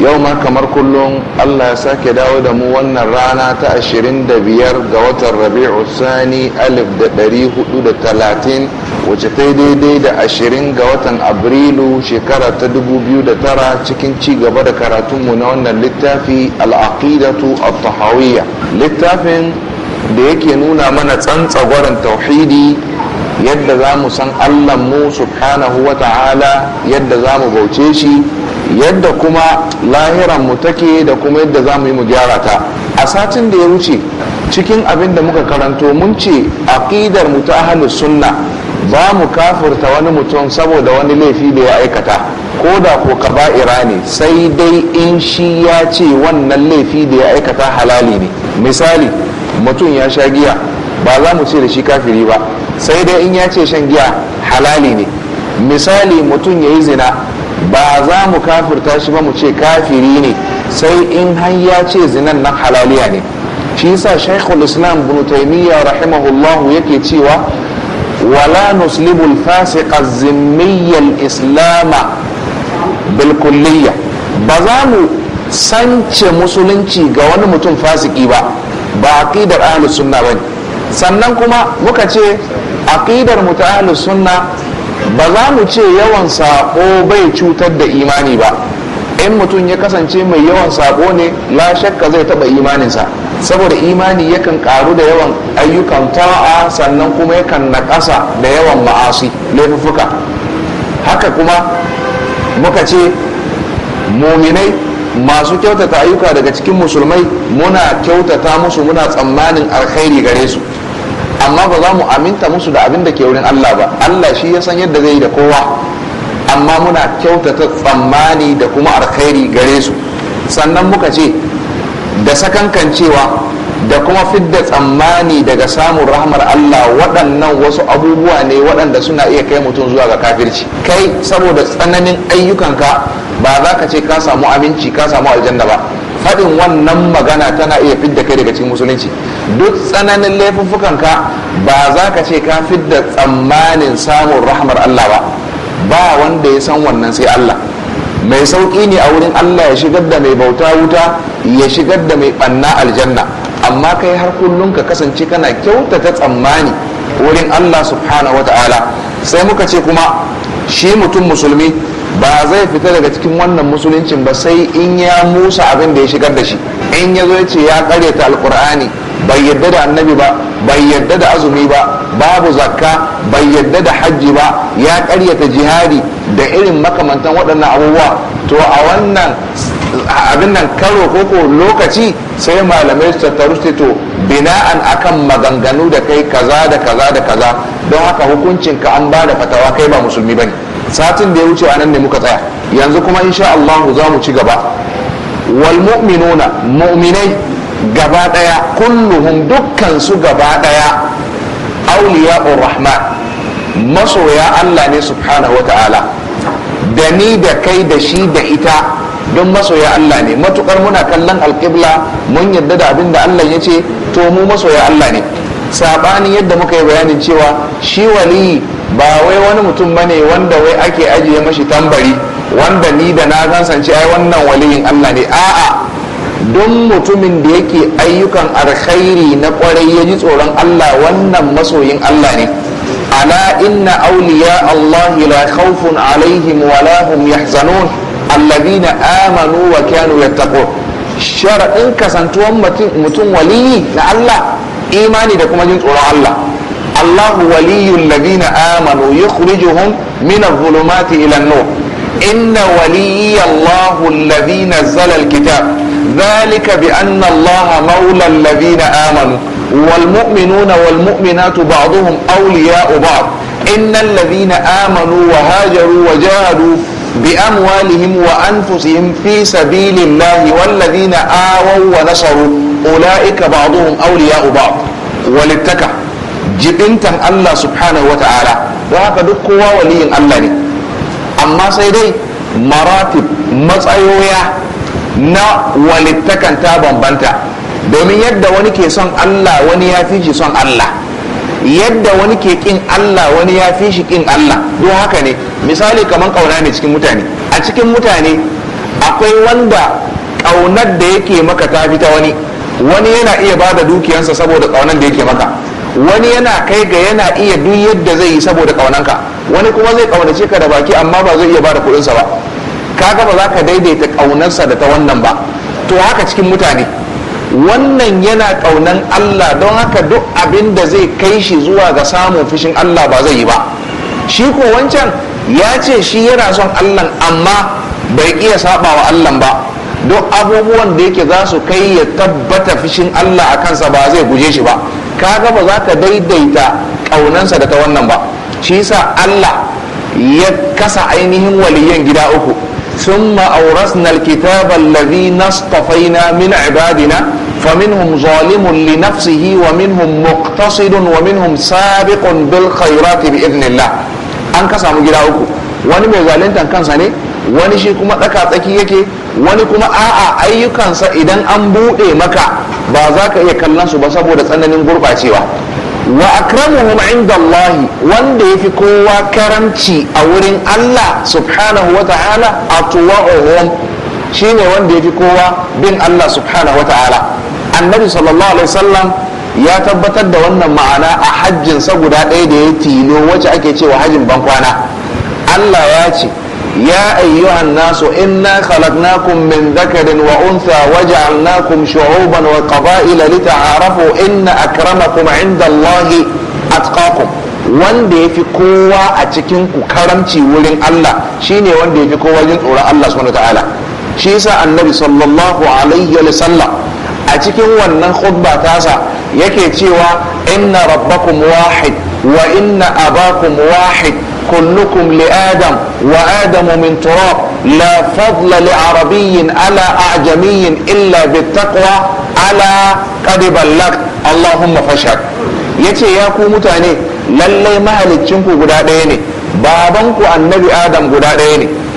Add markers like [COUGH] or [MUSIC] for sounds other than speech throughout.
yau ma kamar kullum allah ya sake dawo da mu wannan rana ta ashirin da biyar ga watan rabi'u sani alif da hudu 1430 wacce ta yi daidai da ashirin ga watan abrilu shekara ta da tara cikin ci gaba da karatunmu na wannan littafi al'aqidatu at-tahawiyya littafin da yake nuna mana tsantsagwarin tauhidi yadda za mu san mu subhanahu wa ta'ala yadda za mu bauce shi yadda kuma lahiran mu take da kuma yadda za mu yi mu gyara ta a satin da ya wuce cikin abin da muka karanto mun ce aƙidar mu ta ahli sunna ba mu kafirta wani mutum saboda wani laifi da ya aikata ko da ko kaba'ira ne sai dai in shi ya ce wannan laifi da ya aikata halali ne misali mutum ya sha giya ba za mu ce da shi kafiri ba sai dai in ya ce shan giya halali ne misali mutum ya yi zina ba za mu kafirta shi ba mu ce kafiri ne sai in hanya ce zinan na halaliya ne shi yasa shaikhul islam ibn taymiya rahimahullahu yake cewa wala nuslibu al-fasiqa islama bil ba za mu sance musulunci ga wani mutum fasiki ba ba aqidar ahlus sunna bane sannan kuma muka ce aqidar mu ta ahlus sunna ba za mu ce yawan sabo bai cutar da imani ba in mutum ya kasance mai yawan sabo ne la shakka zai taba imaninsa saboda imani yakan ƙaru da yawan ayyukan ta'a sannan kuma yakan naƙasa da yawan ma'asi laifuka. haka kuma muka ce muminai masu kyautata ayyuka daga cikin musulmai muna kyautata musu muna tsammanin alkhairi gare su amma ba za mu aminta musu da abin da ke wurin Allah ba Allah shi ya san yadda zai yi da kowa amma muna kyautata tsammani da kuma alkhairi gare su sannan muka ce da sakankan cewa da kuma fidda tsammani daga samun rahmar Allah waɗannan wasu abubuwa ne waɗanda suna iya kai mutum zuwa ga kafirci kai saboda tsananin ayyukanka ba za ka ce ka samu aminci ka samu aljanna ba faɗin wannan magana tana iya fidda kai daga cikin musulunci duk tsananin ka ba za ka ce ka fidda tsammanin samun rahmar Allah ba ba wanda ya san wannan sai Allah mai sauƙi ne a wurin Allah ya shigar da mai bauta wuta ya shigar da mai ɓanna aljanna amma kai har kullum ka kasance kana kyautata tsammani wurin Allah subhanahu wa sai muka ce kuma shi mutum musulmi ba zai fita daga cikin wannan musuluncin ba sai in ya musa abin da ya shigar da shi in ya zo ya ce ya karyata alkur'ani bai yadda da annabi ba bai yadda da azumi ba babu zakka bai yadda da hajji ba ya karyata jihadi da irin makamantan waɗannan abubuwa to a wannan abin nan karo koko lokaci sai malamai su tattaru su to bina'an akan maganganu da kai kaza da kaza da kaza don haka hukuncin ka an ba da fatawa kai ba musulmi bane satin da ya wuce anan ne muka tsaya yanzu kuma insha Allah za mu ci gaba wal mu'minuna mu'minai gaba daya kulluhum dukkan su gaba daya awliya'ur rahman masoya Allah ne subhanahu ta'ala da ni da kai da shi da ita don masoya Allah ne matukar muna kallon alƙibla mun yadda da abin da Allah ya ce to mu masoya Allah ne sabani yadda muka yi bayanin cewa shi wali ba wai wani mutum bane wanda wai ake ajiye mashi tambari wanda ni da na kasance ai wannan waliyin Allah ne a'a don mutumin da yake ayyukan alkhairi na kwarai ya ji tsoron Allah wannan masoyin Allah ne ala inna awliya Allah la khawfun alaihim wa la hum yahzanun alladhina amanu wa kanu yattaqun sharadin kasantuwan mutum waliyi na Allah imani da kuma jin tsoron Allah الله ولي الذين آمنوا يخرجهم من الظلمات إلى النور إن ولي الله الذي نزل الكتاب ذلك بأن الله مولى الذين آمنوا والمؤمنون والمؤمنات بعضهم أولياء بعض إن الذين آمنوا وهاجروا وجاهدوا بأموالهم وأنفسهم في سبيل الله والذين آووا ونصروا أولئك بعضهم أولياء بعض وللتكع jibintan Allah subhanahu wa ta'ala don haka duk kowa waliyin Allah ne amma sai dai maratib matsayoya na walittakan ta bambanta domin yadda wani ke son Allah wani ya fi shi son Allah yadda wani ke kin Allah wani ya fi shi kin Allah don haka ne misali kamar kauna ne cikin mutane a cikin mutane akwai wanda kaunar da yake maka ta fi ta wani wani yana iya ba da dukiyansa saboda kaunar da yake maka wani yana kai ga yana iya duk yadda zai yi saboda kaunanka wani kuma zai kaunace ka da baki amma ba zai iya bada kuɗinsa ba kaga ba za ka daidaita kaunarsa da ta wannan ba to haka cikin mutane wannan yana kaunan Allah don haka duk abin da zai kai shi zuwa ga samun fushin Allah ba zai yi ba shi ko wancan ya ce shi yana son Allah amma bai iya saba wa Allah ba duk abubuwan da yake za su kai ya tabbata fushin Allah a kansa ba zai guje shi ba ka ga ba za ka daidaita ƙaunansa da ta wannan ba shi sa Allah ya kasa ainihin waliyan gida uku sun ma'auras na alkitab allazi nastafaina min ibadina fa minhum zalimun li nafsihi wa minhum muktasidun wa minhum sabiqun bil khairati bi idnillah an kasa mu gida uku wani mai zalunta kansa ne wani shi kuma tsaka tsaki yake wani kuma a'a ayyukansa idan an buɗe maka ba za ka iya kallon su ba saboda tsananin gurɓacewa wa akramuhum inda wanda yafi kowa karamci a wurin Allah subhanahu wata'ala shine wanda yafi kowa bin Allah subhanahu wata'ala annabi sallallahu alaihi wasallam ya tabbatar da wannan ma'ana a hajjin sa guda ɗaya da ya tilo wacce ake cewa hajjin bankwana Allah ya ce يا أيها الناس إنا خلقناكم من ذكر وأنثى وجعلناكم شعوبا وقبائل لتعارفوا إن أكرمكم عند الله أتقاكم wanda ya fi kowa a cikin ku karamci wurin Allah shine wanda ya fi kowa jin tsoron Allah subhanahu ta'ala shi yasa annabi sallallahu alaihi wa sallam a cikin wannan khutba tasa yake cewa inna rabbakum wahid wa inna abakum wahid كلكم لآدم وآدم من تراب لا فضل لعربي على أعجمي إلا بالتقوى على قد بلغ اللهم فشك يتي يا متاني للي مهل تشنكو قدادين بابنكو النبي آدم قدادين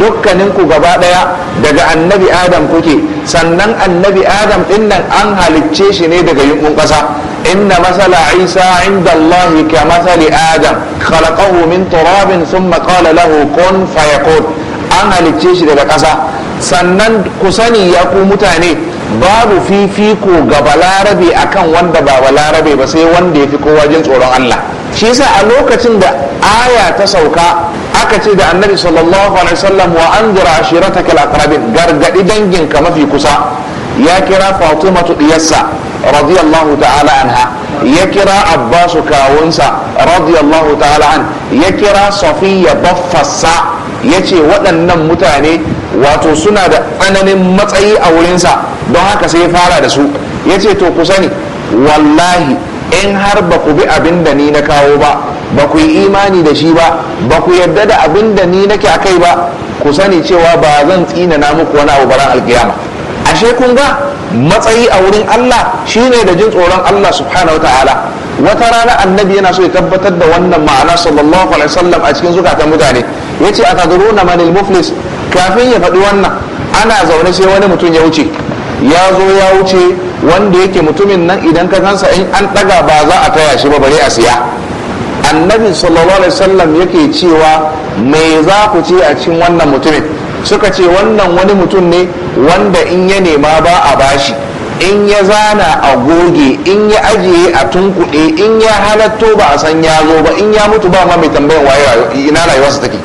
dukkaninku gaba ɗaya daga annabi adam kuke sannan annabi adam ɗin nan an halicce shi ne daga yunkun ƙasa inna masala isa inda allah ka masali adam khalaqahu min turabin thumma qala lahu kun fayakun an halicce shi daga ƙasa sannan ku sani ya ku mutane babu fifiko ga balarabe akan wanda ba balarabe ba sai wanda ya fi kowa jin tsoron allah shi yasa a lokacin da aya ta sauka aka ce da annabi sallallahu alaihi wasallam wa anzura ashirataka al-aqrabin gargadi danginka mafi kusa ya kira fatimatu diyassa radiyallahu ta'ala anha ya kira abbasu kawunsa radiyallahu ta'ala an ya kira safiya baffasa ya ce waɗannan mutane wato suna da tsananin matsayi a wurinsa don haka sai ya fara da su ya ce to ku sani wallahi in har ba ku bi abin da ni na kawo ba ba ku yi imani da shi ba ba ku yarda da abin da ni nake a kai ba ku sani cewa ba zan tsina na muku wani abu baran alkiyama ashe kun ga matsayi a wurin Allah shine da jin tsoron Allah subhanahu ta'ala wata rana annabi yana so ya tabbatar da wannan ma'ana sallallahu alaihi wasallam a cikin zukatan mutane yace atadruna manil muflis kafin ya faɗi wannan ana zaune sai wani mutum ya wuce ya zo ya wuce wanda yake mutumin nan idan ka gansa in an daga ba za a taya shi ba bari a siya annabi sallallahu alaihi wasallam yake cewa me za ku ce a cikin wannan mutumin suka ce wannan wani mutum ne wanda in ya nema ba a bashi in ya zana a goge in ya ajiye a tunkuɗe in ya halatto ba a san ya zo ba in ya mutu ba ma mai tambayan waye ina rayuwarsa take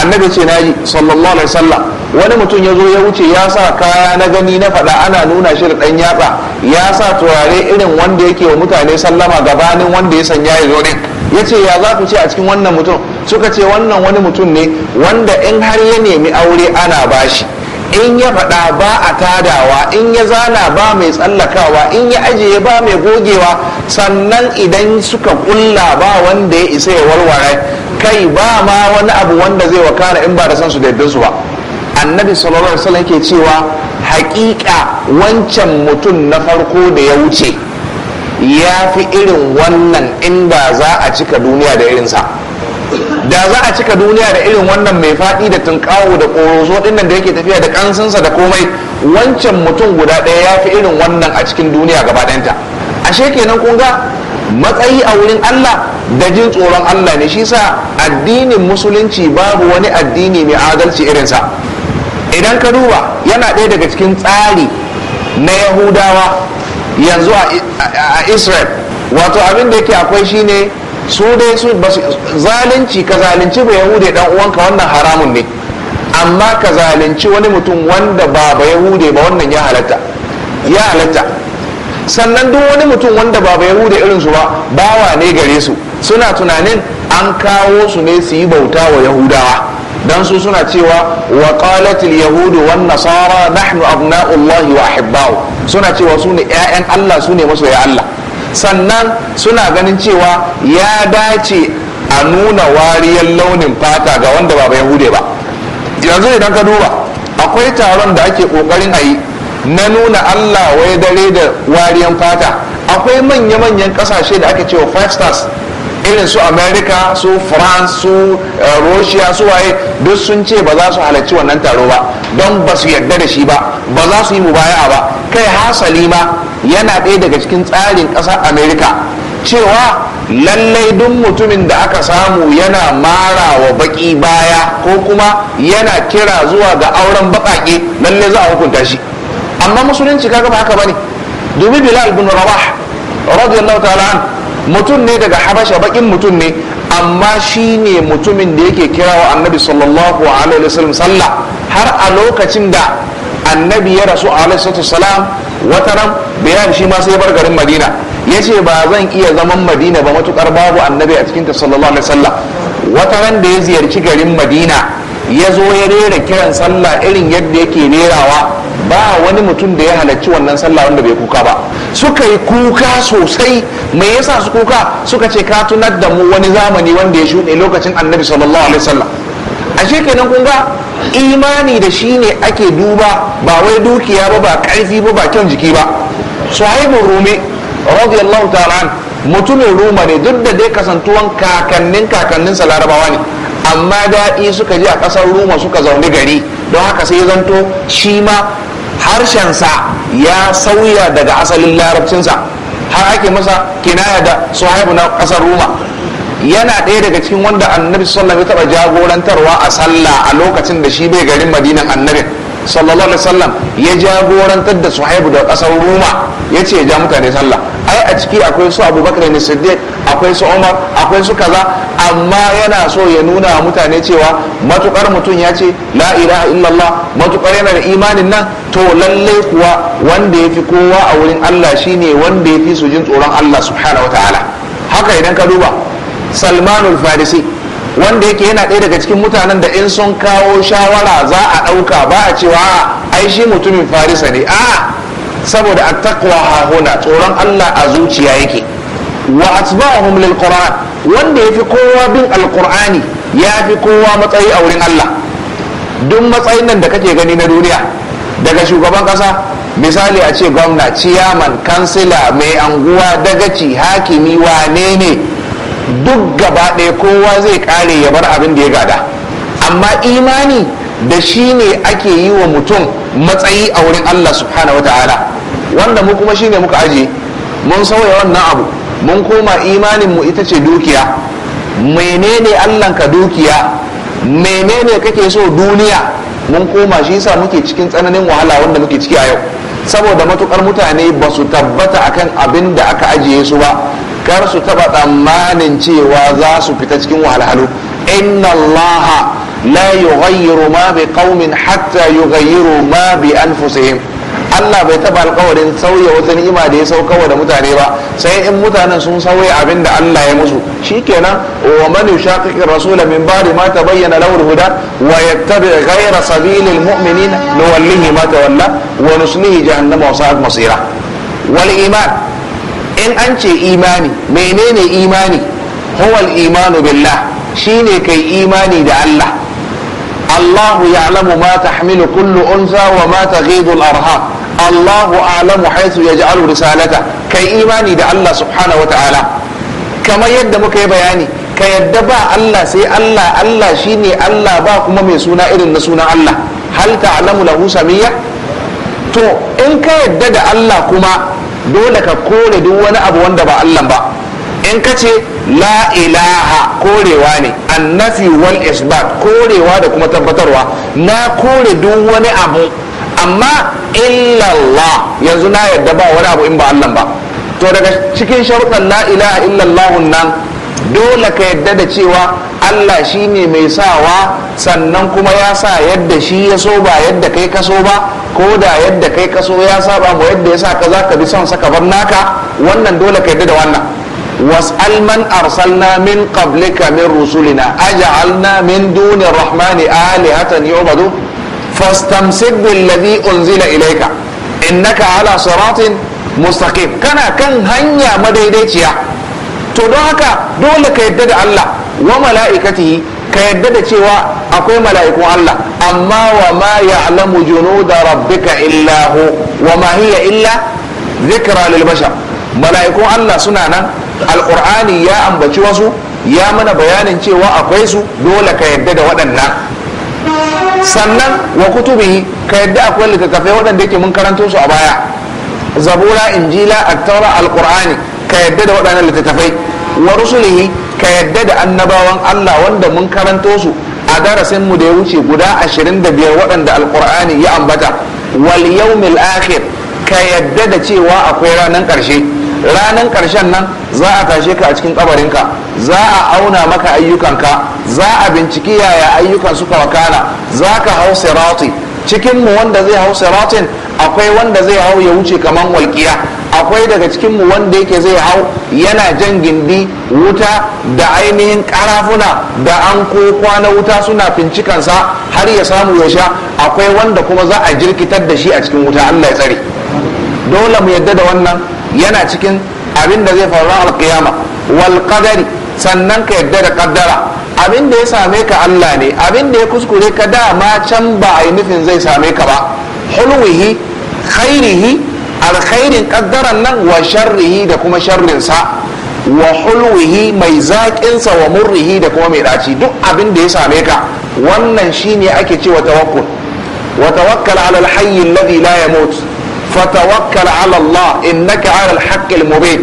annabi ce na yi sallallahu alaihi wasallam wani mutum ya zo ya wuce ya sa kaya na gani na faɗa ana nuna shi da ɗan yatsa ya sa turare irin wanda yake wa mutane sallama gabanin wanda ya sanya ya zo ne ya ce ya za ku ce a cikin wannan mutum suka ce wannan wani mutum ne wanda in har ya nemi aure ana bashi in ya faɗa ba a tadawa in ya zana ba mai tsallakawa in ya ajiye ba mai gogewa sannan idan suka kulla ba wanda ya isa ya warware kai ba ma wani abu wanda zai wakana in ba da san su da su ba annabi sallallahu alaihi wasallam ke cewa haƙiƙa wancan mutum na farko da ya wuce ya fi irin wannan inda za a cika duniya da irinsa da za a cika duniya da irin wannan mai faɗi da tunkawo da ƙoroso ɗinnan da yake tafiya da ƙansansa da komai wancan mutum guda ɗaya ya fi irin wannan a cikin duniya gaba ɗayanta ashe kenan kun ga matsayi a wurin Allah da jin tsoron Allah ne shi sa addinin musulunci babu wani addini mai adalci irinsa idan ka duba yana ɗaya daga cikin tsari na yahudawa yanzu a israel wato abin da yake akwai shine su dai su zalunci ka zalunci ba yahude dan uwanka wannan haramun ne amma ka zalunci wani mutum wanda ba ba yahude ba wannan ya halatta ya halatta sannan duk wani mutum wanda ba ba yahude irin su ba bawa ne gare su suna tunanin an kawo su ne su yi bauta wa yahudawa dan su suna cewa wa qalatil yahudu wan nasara nahnu abna'ullahi wa ahibba'u suna cewa su ne ƴaƴan Allah su ne masoya Allah sannan suna ganin cewa ya dace a nuna wariyar launin fata ga wanda ba yahude ba yanzu idan ka duba akwai taron da ake kokarin a yi na nuna Allah wai dare da wariyar fata akwai manya-manyan kasashe da ake cewa five stars irin su america su france su eh, russia su waye duk sun ce ba za su halarci wannan taro ba don ba su yarda da shi ba ba za su yi mubaya ba kai hasali ma yana ɗaya daga cikin tsarin ƙasar america cewa lallai duk mutumin da aka samu yana mara wa baƙi baya ko kuma yana kira zuwa ga auren baƙaƙe lallai za a hukunta shi amma musulunci kaga ba haka bane dubi bilal bin rabah radiyallahu ta'ala mutum ne daga habasha bakin mutum ne amma shi ne mutumin da yake kira wa annabi sallallahu alaihi wasallam sallah har a lokacin da annabi ya rasu alaihi salam wata ran bayan shi ma sai bar garin madina ya ce ba zan iya zaman madina ba matukar babu annabi a ta sallallahu alaihi wasallam wata ran da ya ziyarci garin madina ya zo ya rera kiran sallah irin yadda yake rerawa ba wani mutum da ya halarci wannan sallah wanda bai kuka ba suka yi kuka sosai me yasa su kuka suka ce ka tunar da mu wani zamani wanda ya shuɗe lokacin annabi sallallahu alaihi wasallam a kenan kun ga imani da shi ne ake duba ba wai dukiya ba ba ƙarfi ba ba kyan jiki ba haibu rumi radiyallahu ta'ala mutumin ruma ne duk da dai kasantuwan kakannin kakanninsa larabawa ne amma daɗi suka je a ƙasar ruma suka zaune gari don haka sai zanto shi ma harshensa ya sauya daga asalin larabcinsa har ake masa kinaya da suhaibu na ƙasar roma yana ɗaya daga cikin wanda annabi sallallahu ya taɓa jagorantarwa a sallah a lokacin da shi bai garin madinan annabin sallallahu alaihi wasallam ya jagorantar da suhaibu da ƙasar roma ya ce ya ja mutane sallah ai a ciki akwai su abubakar ne siddiq akwai su umar akwai su kaza amma yana so ya nuna wa mutane cewa matukar mutum ya ce la ilaha illallah matukar yana da imanin nan to lallai kuwa wanda ya fi kowa a wurin Allah shine wanda ya fi su jin tsoron Allah subhanahu wataala haka idan ka duba salmanul farisi wanda yake yana ɗaya daga cikin mutanen da in sun kawo shawara za a ɗauka ba a cewa ai shi mutumin farisa ne a saboda a hahuna tsoron Allah a zuciya yake wa atba'uhum lil qur'an wanda yafi kowa bin ya fi kowa matsayi a wurin Allah duk matsayin nan da kake gani na duniya daga shugaban ƙasa? misali a ce gwamna ciyaman kansila mai anguwa dagaci hakimi wane ne duk gaba ɗaya kowa zai kare ya bar abin da ya gada amma imani da shi ne ake yi wa mutum matsayi a wurin allah subhanahu wata'ala wanda mu kuma shi ne muka aje mun sauya wannan abu mun koma imaninmu ita ce dukiya menene allahnka dukiya menene kake so duniya mun koma shi yasa muke cikin tsananin wahala wanda muke ciki a yau saboda matukar mutane ba su tabbata akan abin da aka ajiye su ba kar su taba tsammanin cewa za su fita cikin wahalhalu inna allaha la yughayyiru ma bi qaumin hatta yughayyiru ma bi anfusihim Allah bai taba alkawarin sauya wata ni'ima da ya sauka wa da mutane ba sai in mutanen sun sauya abin da Allah ya musu shikenan wa man yushaqiqir rasul min ba'di ma tabayyana lahu al-huda wa yattabi ghayra sabilil mu'minin nuwallihi ma tawalla wa nuslihi jahannama wa sa'at masira wal iman in an ce imani menene imani huwa al-imanu billah shine kai imani da Allah الله يعلم ما تحمل كل أنثى وما تغيض الأرحام Allahu alamu haisu ya ji risalata kai imani da Allah subhanahu wa ta'ala kamar yadda muka yi bayani ka yadda ba Allah sai Allah Allah shine Allah ba kuma mai suna irin na sunan Allah hal ta'lamu lahu samiyya to in ka yadda da Allah kuma dole ka kore duk wani abu wanda ba Allah ba in ka ce la ilaha korewa ne annafi wal isbat korewa da kuma tabbatarwa na kore duk wani abu amma illallah yanzu na yadda ba wani abu in ba Allah ba to daga cikin sharuɗan la ilaha illallah nan dole ka yadda da cewa Allah shi ne mai sawa sannan kuma ya sa yadda shi ya so ba yadda kai ka so ba ko da yadda kai ka so ya saba mu yadda ya sa ka za ka bi son saka bar naka wannan dole ka yadda da wannan was'al man arsalna min qablika min rusulina aj'alna min duni rahmani alihatan yu'badu fastamsik billadhi unzila ilayka innaka ala siratin mustaqim kana kan hanya madaidaiciya to don haka dole ka yadda da Allah wa mala'ikatihi ka yadda da cewa akwai mala'ikun Allah amma wa ma ya'lamu junuda rabbika illa hu wa ma hiya illa zikra lil bashar mala'ikun Allah suna nan Alƙur'ani ya ambaci wasu ya mana bayanin cewa akwai su dole ka yadda da waɗannan sannan wa kutubi ka yadda akwai littattafai waɗanda yake mun karanto su a baya zabura injila attaura alqur'ani ka yadda da waɗannan littattafai wa rusulihi ka yadda da annabawan Allah wanda mun karanto su a darasin mu da ya wuce guda ashirin da biyar waɗanda alqur'ani ya ambata wal yawmil akhir ka yadda da cewa akwai ranar ƙarshe ranan ƙarshen nan za a tashe ka a cikin kabarinka za a auna maka ayyukanka za a binciki yaya ayyukan suka wakana za ka hau sirati cikin mu wanda zai hau siratin akwai wanda zai hau ya wuce kaman walƙiya akwai daga cikin mu wanda yake zai hau yana jan gindi wuta da ainihin karafuna da an kwana wuta suna fincikansa har ya samu ya sha akwai wanda kuma za a jirkitar da shi a cikin wuta allah ya tsare dole mu yadda da wannan yana cikin abin da zai faru alkiyama wal qadari sannan ka yadda da kaddara abin da ya same ka Allah ne abin da ya kuskure ka da ma can ba a yi nufin zai same ka ba hulwihi khairihi alkhairin kaddaran nan wa sharrihi da kuma sa wa hulwihi mai zaƙinsa wa murrihi da kuma mai ɗaci duk abin da ya same ka wannan shine ake cewa tawakkul wa tawakkal ala hayy alladhi la yamut فتوكل على الله إنك على الحق المبين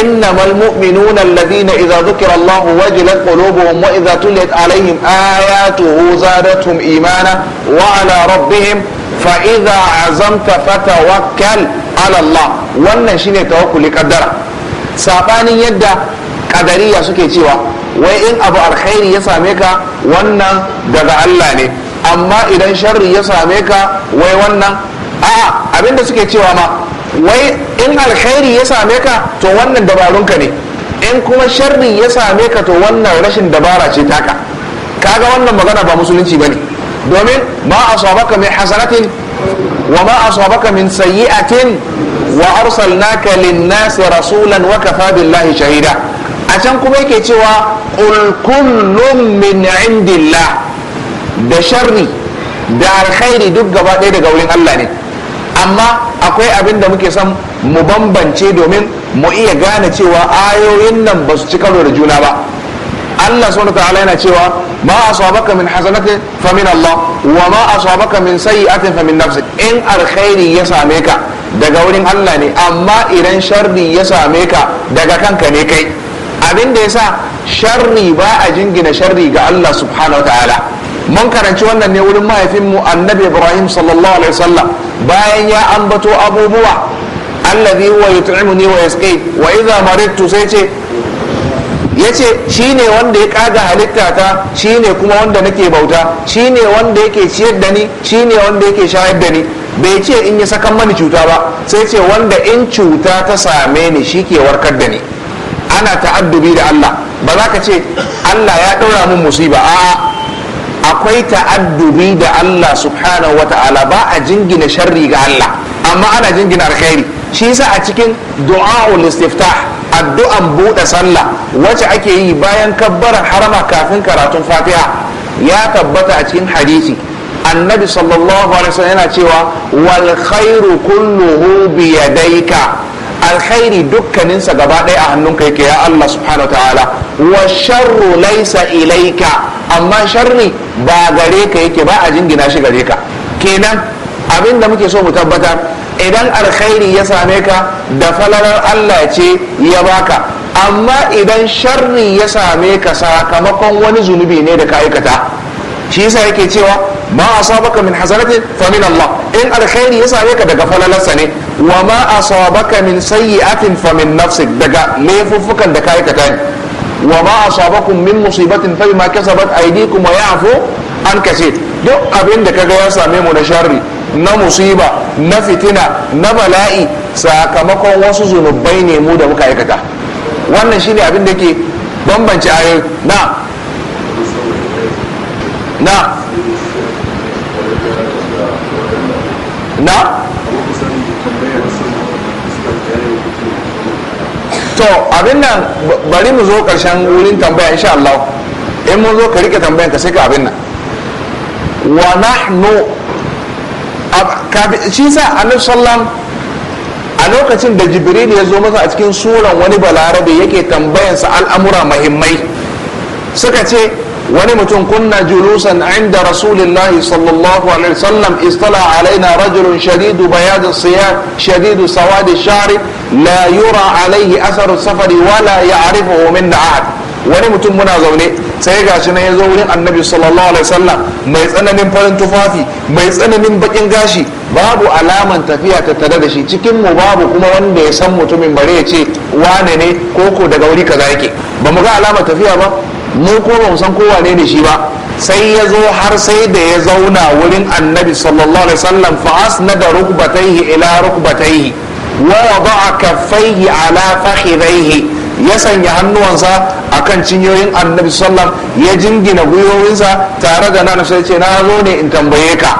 إنما المؤمنون الذين إذا ذكر الله وجلت قلوبهم وإذا تليت عليهم آياته زادتهم إيمانا وعلى ربهم فإذا عزمت فتوكل على الله wannan shine tawakkuli kaddara sabanin yadda ƙadariya suke cewa wai in abu alkhairi ya same ka wannan daga Allah ne amma idan sharri ya same ka wai wannan a'a abinda suke cewa ma wai in alkhairi ya same ka to wannan dabarunka ne in kuma sharri ya same ka to wannan rashin dabara ce taka kaga wannan magana ba musulunci bane domin ma asabaka min hasanatin wa ma asabaka min sayyi'atin wa arsalnaka lin-nasi rasulan wa kafa billahi shahida a can kuma yake cewa qul kullun min indillah da sharri da alkhairi duk gaba ɗaya daga wurin Allah ne amma akwai abin da muke son mu bambance domin mu iya gane cewa ayoyin nan ba su ci karo da juna ba Allah subhanahu ta'ala yana cewa ma asabaka min hasanatin fa min Allah wa ma asabaka min sayyi'atin fa min nafsik in alkhairi ya same ka daga wurin Allah ne amma idan sharri ya same ka daga kanka ne kai abin da yasa sharri ba a jingina sharri ga Allah subhanahu ta'ala mun karanci wannan ne wurin mahaifinmu annabi ibrahim sallallahu alaihi wasallam bayan ya ambato abubuwa allazi huwa yut'imuni wa yasqi wa idha maridtu sai ce yace shine wanda ya kaga halitta ta shine kuma wanda nake bauta shine wanda yake ciyar da ni shine wanda yake shayar da ni bai ce in ya sakan mani cuta ba sai ce wanda in cuta ta same ni shi ke warkar da ni ana ta'addubi da Allah ba za ka ce Allah ya ɗora min musiba a'a akwai ta'addubi da Allah subhanahu wa ta'ala ba a jingina sharri ga Allah amma ana jingina alkhairi shi yasa a cikin du'a'ul istiftah addu'an buɗe sallah wacce ake yi bayan kabbaran harama kafin karatun fatiha ya tabbata a cikin hadisi annabi sallallahu alaihi wasallam yana cewa wal khairu kulluhu bi yadayka alkhairi dukkaninsa gaba ɗaya a hannunka yake ya Allah subhanahu wa ta'ala wa sharru laysa ilayka amma sharri ba gare ka yake ba a jingina shi gare ka kenan abin da muke so mu tabbata, idan alkhairi ya same ka da falalar Allah ce ya baka amma idan sharri ya same ka sakamakon wani zunubi ne da ka aikata shi yasa yake cewa ma asabaka min hasanatin fa min Allah in alkhairi ya same ka daga falalarsa ne wa ma asabaka min sayyi'atin fa min nafsik daga laifuffukan da ka aikata wa ma asabakum min musibatin fa bima kasabat aydikum wa ya'fu an kaseer duk abin da kaga ya same mu na sharri na musiba na fitina na bala'i sakamakon wasu zunubai ne mu da muka aikata wannan shine abin da ke bambance ayoyi na na na to abin nan bari mu zo karshen wurin tambaya insha Allah in mun zo ka rike tambayan ka sai ka abin nan wa nahnu shi sa annabi sallam a lokacin da jibril ya zo masa a cikin suran wani balarabe yake tambayansa al'amura mahimmai suka ce wani mutum kunna julusan inda rasulillahi sallallahu alaihi wasallam istala alaina rajulun shadidu bayadin siya shadidu sawadi shari la yura alaihi asaru safari wala ya'rifu min ahad wani mutum muna zaune sai ga shi yazo wurin annabi sallallahu alaihi wasallam mai tsananin farin tufafi mai tsananin bakin gashi babu alaman tafiya tada da shi cikin mu babu kuma wanda ya san mutumin bare ya ce wane ne koko daga wuri kaza yake ba mu ga alamar tafiya ba mu ko ba san kowa ne shi ba sai ya zo har sai da ya zauna wurin annabi sallallahu alaihi wasallam fa asnada rukbatayhi ila rukbatayhi wa wada'a kaffayhi ala fakhidayhi ya sanya hannuwansa a kan cinyoyin annabi sallam ya jingina gwiwowinsa tare da nan sai ce na zo ne in tambaye ka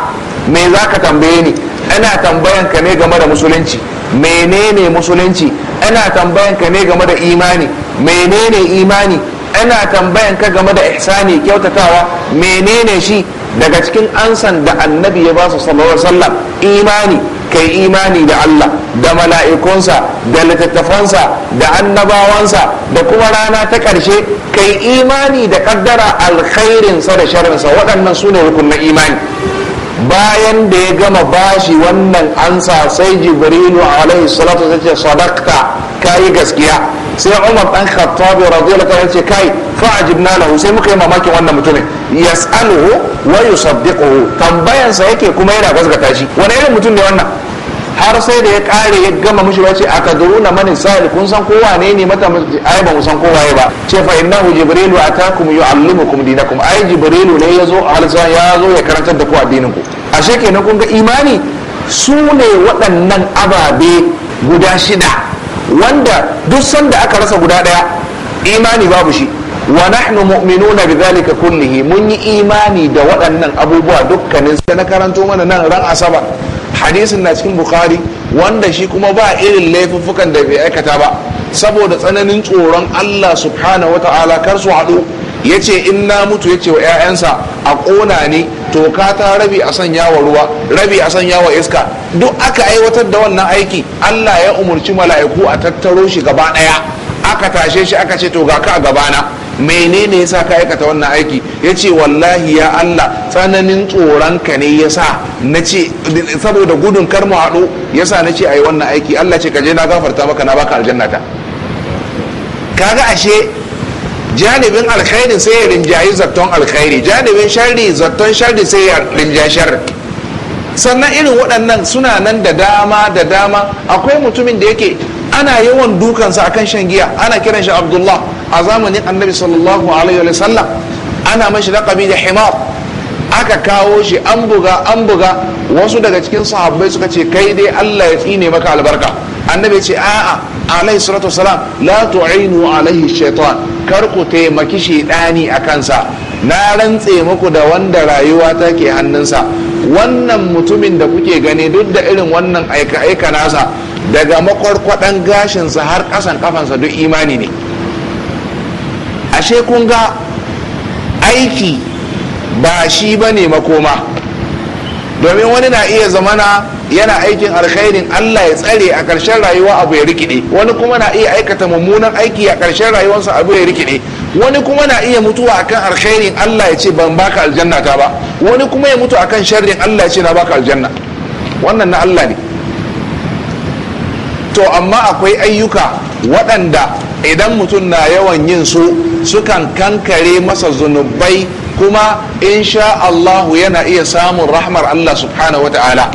me za ka tambaye ni ana tambayan ka ne game da musulunci menene musulunci ana tambayan ka ne game da imani menene imani ina tambayan ka game da ihsani kyautatawa menene shi daga cikin ansan da annabi ya ba su sallallahu sallam imani kai imani da Allah da mala'ikunsa da littattafansa da annabawansa da kuma rana ta ƙarshe kai imani da ƙaddara alkhairinsa da sharinsa waɗannan su ne rukunin imani bayan da ya gama bashi wannan ansa sai jibrilu alaihi salatu sai ce sadakta kayi gaskiya sai umar dan khattabi radiyallahu anhu ce kai jibna lahu sai muka yi mamakin wannan mutumin yas'aluhu wa yusaddiquhu tambayan sa yake kuma yana gaskata shi wani irin mutum ne wannan har sai da ya kare ya gama mushi ba ce atadruna mani sali kun san kowa ne ne mata ai ba mu san kowa ba ce fa hu jibrilu atakum yuallimukum dinakum ai jibrilu ne yazo alsa ya zo ya karantar da ku addinin ku ashe kenan kun ga imani su ne waɗannan ababe guda shida wanda duk sanda aka rasa guda daya imani babu shi wa nahnu mu'minuna bidhalika kullihi mun yi imani da waɗannan abubuwa dukkanin sai na karanto mana nan ran asabar hadisin na cikin bukhari wanda shi kuma ba irin laifuffukan da bai aikata ba saboda tsananin tsoron Allah subhanahu wata'ala kar su haɗu ya ce in na mutu ya ce wa 'ya'yansa a ƙona ne toka ta rabi a sanya wa ruwa rabi a sanya wa iska duk aka aiwatar da wannan aiki allah ya umarci mala'iku a tattaro shi gaba ɗaya aka tashe shi aka ce to ga ka a gabana menene yasa ka aikata wannan aiki ya ce wallahi ya Allah tsananin tsoronka ne ya sa na ce saboda gudun kar mu haɗu ya sa na ce a yi wannan aiki Allah ce ka je na gafarta maka na baka aljanna ta kaga ashe janibin alkhairi sai ya rinjayi zaton alkhairi janibin sharri zaton sharri sai ya rinjayi sharri sannan irin waɗannan suna nan da dama da dama akwai mutumin da yake ana yawan dukansa akan shan giya ana kiran shi abdullah a zamanin annabi sallallahu alaihi wa sallam ana mashi laƙabi da himar aka kawo shi an buga an buga wasu daga cikin sahabbai suka ce kai dai Allah ya tsine maka albarka annabi ce a'a alaihi salatu wasalam la tu'inu alaihi shaitan kar ku taimaki shaidani a kansa na rantse muku da wanda rayuwa ta ke hannunsa wannan mutumin da kuke gani duk da irin wannan aika nasa daga makwarkwadan gashinsa har kasan kafansa duk imani ne ashe kun ga aiki ba shi ba ne makoma domin wani na iya zamana yana aikin alkhairin allah ya tsare a ƙarshen rayuwa abu ya rikide wani kuma na iya aikata mummunan aiki a ƙarshen rayuwarsa abu ya rikide wani kuma na iya mutuwa akan alkhairin allah ya ce ban baka aljanna ta ba wani kuma ya mutu akan sharrin allah ya ce na baka aljanna wannan na allah ne to amma akwai ayyuka waɗanda idan mutum na yawan yin su sukan kankare masa zunubai kuma insha Allahu yana iya samun rahmar Allah subhanahu wa ta'ala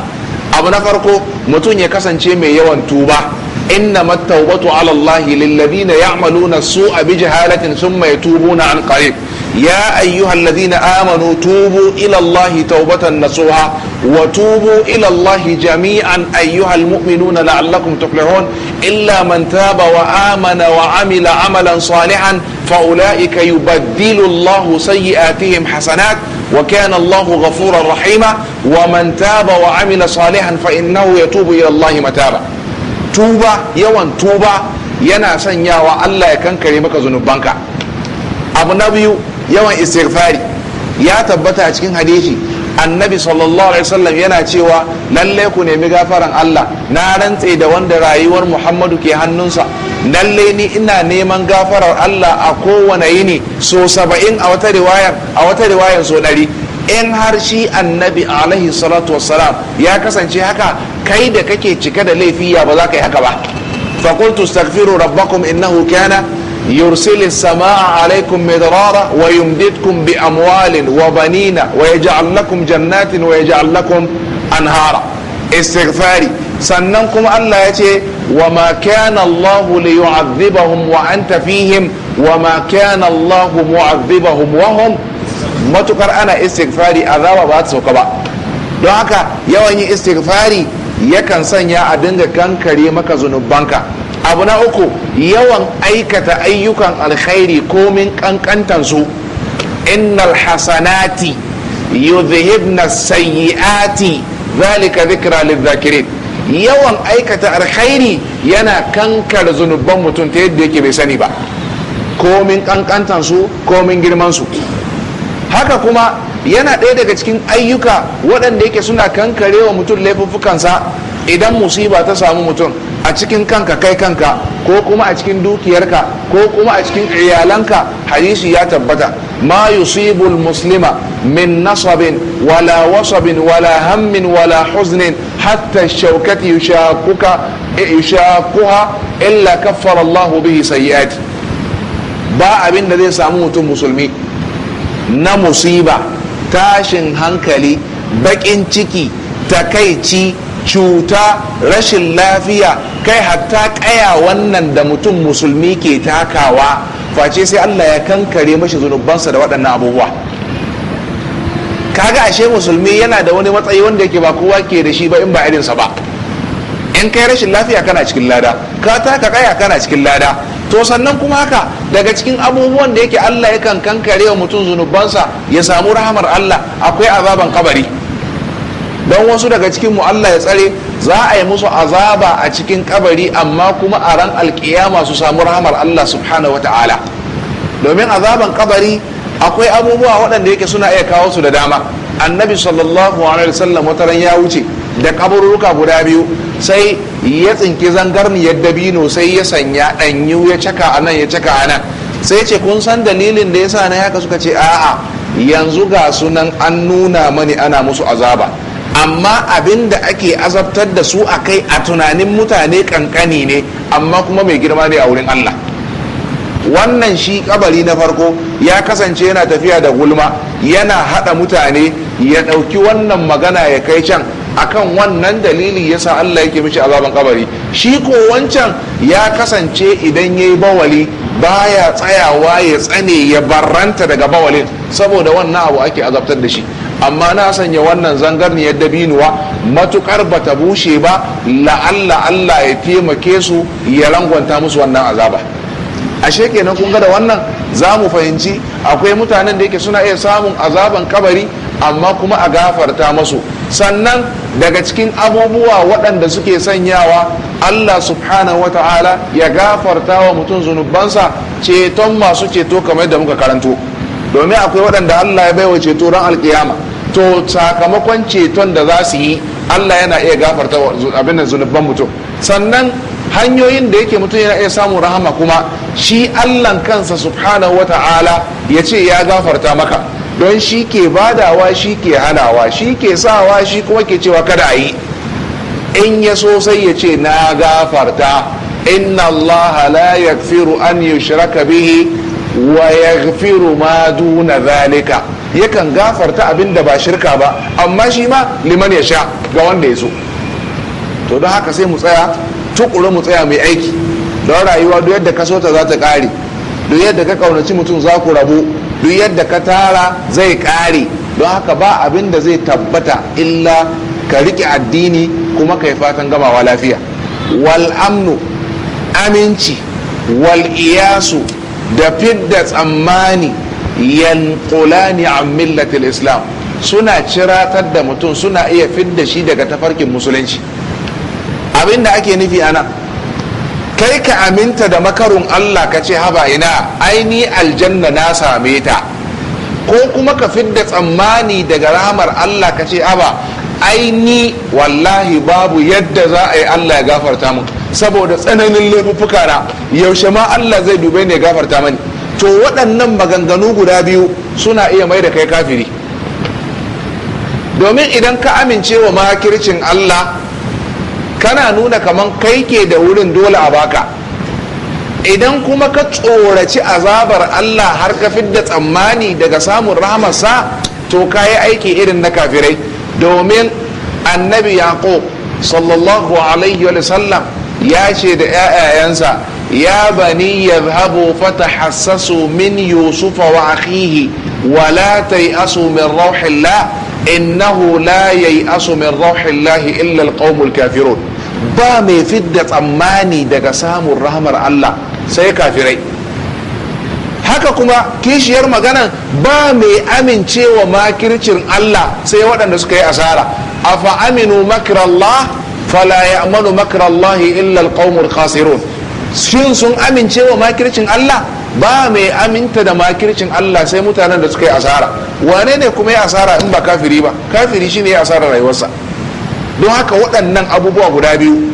abu na farko mutum ya kasance mai yawan tuba inna mattaubatu ala Allah lillazina ya'maluna su'a bi jahalatin thumma yatubuna an qarib يا أيها الذين آمنوا توبوا إلى الله توبة نصوحا وتوبوا إلى الله جميعا أيها المؤمنون لعلكم تفلحون إلا من تاب وآمن وعمل عملا صالحا فأولئك يبدل الله سيئاتهم حسنات وكان الله غفورا رحيما ومن تاب وعمل صالحا فإنه يتوب إلى الله متابا توبة يوان توبة yana sanyawa Allah ya kankare maka zunubanka abu na biyu yawan istighfari ya tabbata a cikin hadisi annabi sallallahu alaihi wasallam yana cewa lalle ku nemi gafaran Allah na rantse da wanda rayuwar Muhammadu ke hannunsa lalle ni ina neman gafarar Allah a kowane yini so 70 a wata riwayar a wata riwayar so ɗari in har shi annabi alaihi salatu wassalam ya kasance haka kai da kake cike da laifi ya ba za ka yi haka ba qultu astaghfiru rabbakum innahu kana يرسل السماء عليكم مدرارا ويمددكم بأموال وبنين ويجعل لكم جنات ويجعل لكم أنهارا استغفاري سننكم لا يتي وما كان الله ليعذبهم وأنت فيهم وما كان الله معذبهم وهم ما تكر أنا استغفاري أذاب بات سوكبا دعاك يواني استغفاري يكن سنيا yakan كان كريمك dinga abu na uku yawan aikata ayyukan alkhairi komin su innal hasanati yuzhibna sayyiati zalika dhikra lidhakirin yawan aikata alkhairi yana kankar zunuban mutum ta yadda yake bai sani ba komin su komin girmansu haka kuma yana ɗaya daga cikin ayyuka waɗanda yake suna kankarewa mutum laifuffukansa idan musiba ta samu mutum a cikin kanka kai kanka ko kuma a cikin dukiyarka ko kuma a cikin iyalanka hadisi ya tabbata ma yusibul muslima min nasabin wala wasabin wala hammin wala huznin hatta shaukati yushaquka yushaquha illa kaffara Allah bihi sayyi'at ba abin da zai samu mutum musulmi na musiba tashin hankali bakin ciki takaici cuta rashin lafiya kai hatta kaya wannan da mutum musulmi ke takawa face sai allah ya kankare mashi zunubansa da waɗannan abubuwa kaga ashe musulmi yana da wani matsayi wanda yake ba kowa ke da shi ba in ba irinsa ba in kai rashin lafiya kana cikin lada ka taka kaya kana cikin lada to sannan kuma haka daga cikin abubuwan da yake allah yakan kankare wa mutum zunubansa ya samu rahamar allah akwai azaban kabari don wasu daga cikin mu Allah ya tsare za a yi musu azaba a cikin kabari amma kuma a ran alkiyama su samu rahamar Allah subhanahu ta'ala. domin azaban kabari akwai abubuwa waɗanda yake suna iya kawo su da dama annabi sallallahu alaihi wasallam wata ran ya wuce da kaburuka guda biyu sai ya tsinki ya dabino sai ya sanya ɗanyu ya caka anan ya caka anan. sai ce kun san dalilin da yasa na haka suka ce a'a yanzu ga sunan an nuna mani ana musu azaba amma abin da ake azabtar da su a kai a tunanin mutane kankani ne amma kuma mai girma ne a wurin Allah wannan shi kabari na farko ya kasance yana tafiya da gulma yana hada mutane ya dauki wannan magana ya kai can akan wannan dalili yasa Allah yake mishi azaban kabari shi ko wancan ya kasance idan ya yi bawali baya tsayawa ya tsane ya barranta daga bawalin saboda wannan abu ake azabtar da shi amma na sanya wannan zangar ne zangarniyar dabinuwa matukar ba ta bushe ba la'alla Allah ya taimake su ya rangwanta musu wannan azaba ashe kenan kun ga da wannan za mu fahimci akwai mutanen da yake suna iya samun azaban kabari amma kuma a gafarta masu sannan daga cikin abubuwa waɗanda suke sanyawa Allah subhanahu wa ta'ala ya gafarta wa mutum zunubansa ceton masu ceto kamar da muka karanto domin akwai waɗanda Allah ya bai wa ceto ran alkiyama to sakamakon ceton da za su yi Allah yana iya gafarta abin da zunuban mutum sannan hanyoyin da yake mutum yana iya samun rahama kuma shi Allah kansa subhanahu wata'ala ya ce ya gafarta maka don shi ke badawa shi ke hanawa shi ke sawa shi kuma ke cewa kada a yi in ya so sai ya ce na gafarta inna allaha la yakfiru an yushraka bihi wa yaghfiru ma duna zalika yakan gafarta abin da ba shirka ba amma shi ma liman ya sha ga wanda ya so to don haka sai mu tsaya tukuru mu tsaya mai aiki don rayuwa duk yadda ka so za ta kare duk yadda ka kaunaci mutum za ku rabu duk yadda ka tara zai kare don haka ba abin da zai tabbata illa ka riƙe addini kuma ka yi fatan gamawa lafiya wal amnu aminci wal iyasu da fidda tsammani yanqulani a millatil islam suna ciratar da mutum suna iya fidda shi daga tafarkin musulunci abinda ake nufi ana kai ka aminta da makarun Allah ka ce haba ina aini aljanna na same ta ko kuma ka fidda tsammani daga ramar Allah ka ce haba aini wallahi babu yadda za a yi Allah ya gafarta mu saboda tsananin laifuffuka na yaushe ma Allah zai dube ne gafarta mani to waɗannan maganganu guda biyu suna iya mai da kai kafiri domin idan ka amince wa makircin Allah kana nuna kamar kai ke da wurin dole a baka idan kuma ka tsoraci azabar Allah har ka fidda tsammani daga samun rahamarsa to ka yi aiki irin na kafirai domin annabi yaqub sallallahu alaihi wa sallam ya ce da 'ya'yayansa ya bani yadhhabu fatahassasu min yusufa wa akhihi wa la tayasu min rauhillah innahu la yayasu min rauhillah illa alqaumul kafirun ba mai fidda tsammani daga samun rahmar Allah sai kafirai haka kuma kishiyar magana ba mai amincewa makircin Allah sai waɗanda suka yi asara a aminu makirallah, fala ya'manu makrallahi illa alqaumul khasirun shin sun amincewa makircin Allah ba mai aminta da makircin Allah sai mutanen da suka yi asara wane ne kuma ya asara in ba kafiri ba kafiri shine ya asara rayuwarsa don haka waɗannan abubuwa guda biyu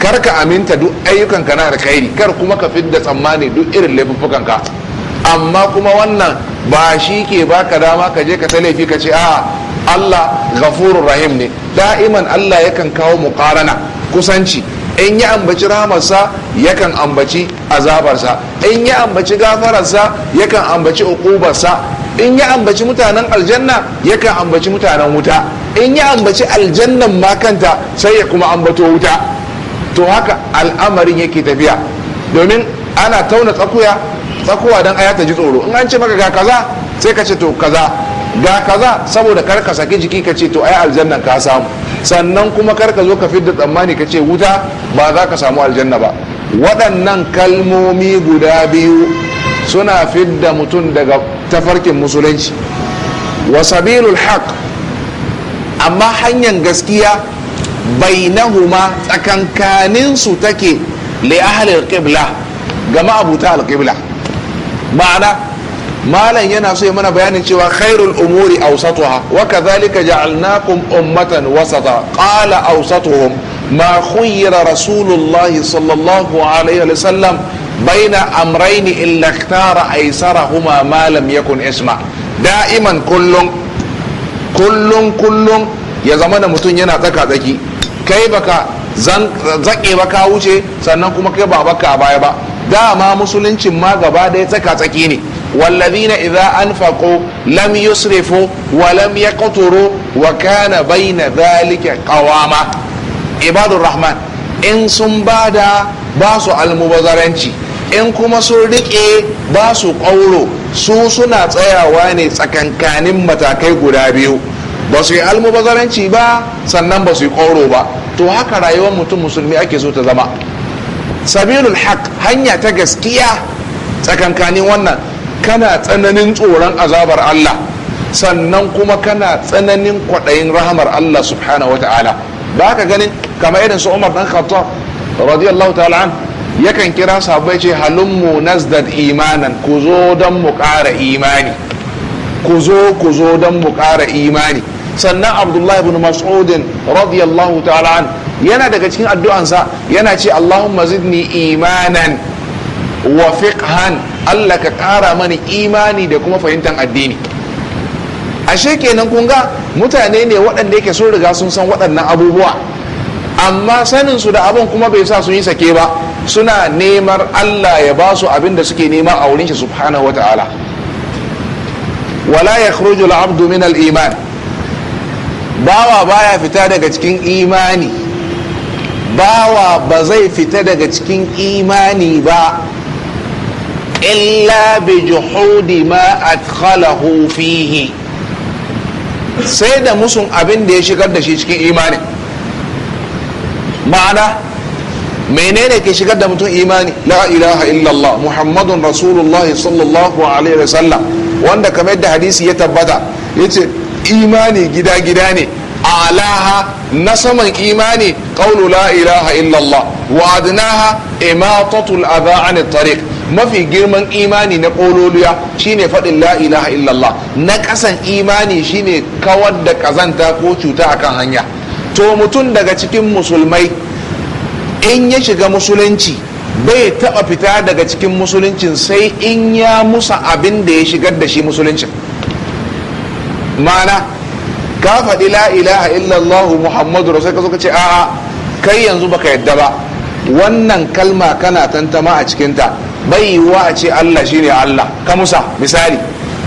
kar ka aminta duk ayyukanka na alkhairi kar kuma ka fidda tsammani duk irin laifuffukanka amma kuma wannan ba shi ke baka dama ka je ka ta laifi ka ce a Allah ghafurur rahim ne da'iman Allah yakan kawo muqarana kusanci in ya ambaci rahamarsa yakan ambaci azabarsa in ya ambaci gafararsa yakan ambaci uqubarsa in ya ambaci mutanen aljanna yakan ambaci mutanen wuta in ya ambaci aljannan makanta sai ya kuma ambato wuta to haka al'amarin yake tafiya domin ana tauna tsakuya tsakowa don aya ta ji tsoro in an ce maka ga kaza sai ka ce to kaza ga kaza saboda kar ka saki jiki ka ce to ai aljanna ka samu sannan kuma karka zo ka fidda tsammani ka ce wuta ba za ka samu aljanna ba waɗannan kalmomi guda biyu suna fidda mutum daga tafarkin musulunci wasabilul haq amma hanyar gaskiya bainahuma tsakankaninsu take li ahlil qibla ga ma'abuta al-qibla ma'ana malam yana so ya mana bayanin cewa khairul umuri awsatuha wa kadhalika ja'alnakum ummatan wasata qala awsatuhum ma khayyara rasulullahi sallallahu alaihi wa sallam baina أمرين إلا اختار أيسرهما ما لم yakun isma. daiman كل كل كل ya zama da mutum yana tsaka tsaki kai baka zaƙe ba ka wuce sannan kuma kai ba baka a baya ba dama musuluncin ma gaba ɗaya tsaka-tsaki ne na iza an faƙo lam yusrifu wa lam yaqturu wa kana baina zalike ƙawama. Ibadun rahman in sun bada ba su almubazaranci in kuma sun riƙe ba su ƙauro su suna tsayawa ne tsakankanin matakai guda biyu ba su yi almubazaranci ba sannan ba su yi ƙauro ba to haka rayuwar mutum musulmi ake so ta zama sabilul haq hanya ta gaskiya tsakankanin wannan kana tsananin tsoron azabar Allah sannan kuma kana tsananin kwaɗayin rahamar Allah subhanahu wata'ala ba ka ganin kama irin su Umar dan Khattab radiyallahu ta'ala an yakan kira sahabbai ce halummu nazdad imanan ku zo don mu ƙara imani ku zo ku zo don mu ƙara imani sannan Abdullahi ibn Mas'udin radiyallahu ta'ala an yana daga cikin addu'ansa yana ce Allahumma zidni imanan wa fiqhan Allah ka ƙara mani imani da kuma fahimtar addini ashe kenan kun ga mutane ne waɗanda yake sun riga sun san waɗannan abubuwa amma sanin su da abin kuma bai sa su yi sake ba suna neman Allah ya ba su abin da suke nema a wurin shi subhanahu wata'ala wala yakhruju al-abdu min al-iman bawa baya fita daga cikin imani bawa ba zai fita daga cikin imani ba illa bi juhudi ma adkhalahu fihi sai da musun abin da ya shigar da shi cikin imani ma'ana menene ke shigar da mutum imani la ilaha illallah muhammadun rasulullah sallallahu alaihi wasallam wanda kamar da hadisi ya tabbata yace imani gida gida ne a'laha na saman imani qawlu la ilaha illallah wa adnaha imatatu al-adha 'an tariq mafi girman imani na kololuya shine faɗin la ilaha na ƙasan imani shine kawar da ƙazanta ko cuta akan hanya to mutum daga cikin musulmai in ya shiga musulunci bai taɓa fita daga cikin musuluncin sai in ya musa abin da ya shigar da shi musuluncin mana ka faɗi la ilaha illallah muhammadu rasul ka zo ka ce a'a kai yanzu baka yadda ba wannan kalma kana tantama a cikinta bai yiwuwa a ce allah shine allah ka musa misali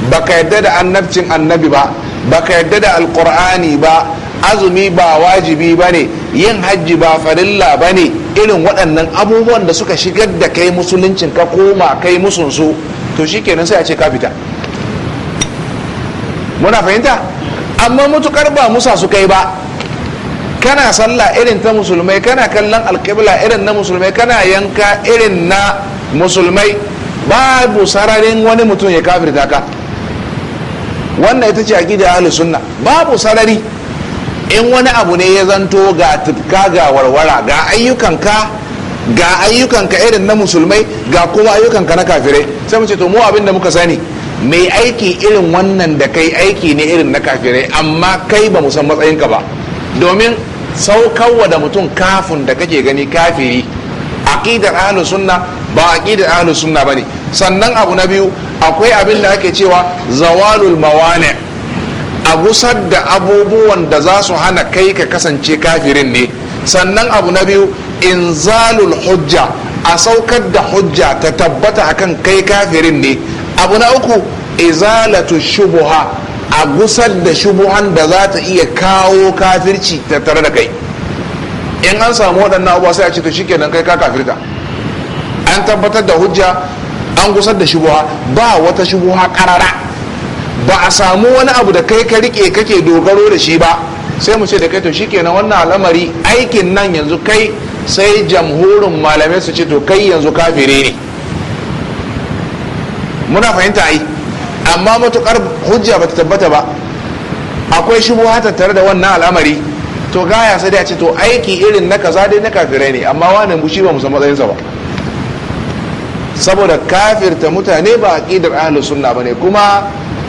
baka yadda da annabcin annabi ba baka yadda da alkur'ani ba azumi ba wajibi ba ne yin hajji ba farilla ba ne irin waɗannan abubuwan da suka shigar da kai musuluncin ka koma kai musunsu to shi shikenan sai a ce ka fita muna fahimta amma mutukar ba musa su kai ba kana sallah irin ta musulmai kana kallon alkibla irin na musulmai kana yanka irin na musulmai babu sararin wani mutum ya kafirta ka wannan ita ce aqida ahli sunna babu sarari in wani abu ne ya zanto ga tufka ga warwara ga ayyukanka ga ayyukanka irin na musulmai ga kuma ayyukanka na kafirai sai mu ce to mu abin muka sani mai aiki irin wannan da kai aiki ne irin na kafirai amma kai ba san matsayinka ba domin saukarwa da mutum kafin da kake gani kafiri aqidar ahlus sunna ba aqidar ahlus sunna bane sannan abu na biyu akwai abin da ake cewa zawalul mawane a gusar da abubuwan da za su hana kai ka kasance kafirin ne sannan abu na biyu inzalul hujja a saukar da hujja ta tabbata akan kai kafirin ne abu na uku izalatu shubuha a gusar da shubuhan da za ta iya kawo kafirci tattare da kai in an samu waɗannan abuwa sai a ce to kenan kai ka kafirta an tabbatar da hujja an gusar da shubuha ba wata shubuha karara ba a samu wani abu da kai ka rike kake dogaro da shi ba sai mu ce da kai to shi kenan wannan al'amari aikin nan yanzu kai sai jamhurin malamai su ce to kai yanzu kafire ne muna fahimta ai amma matukar hujja bata tabbata ba akwai shubuha tattare da wannan al'amari to gaya sai a ce to aiki irin na kaza dai na kafirai ne amma wannan bushi ba musamman matsayinsa ba saboda kafirta mutane ba aqidar ahlus sunna bane kuma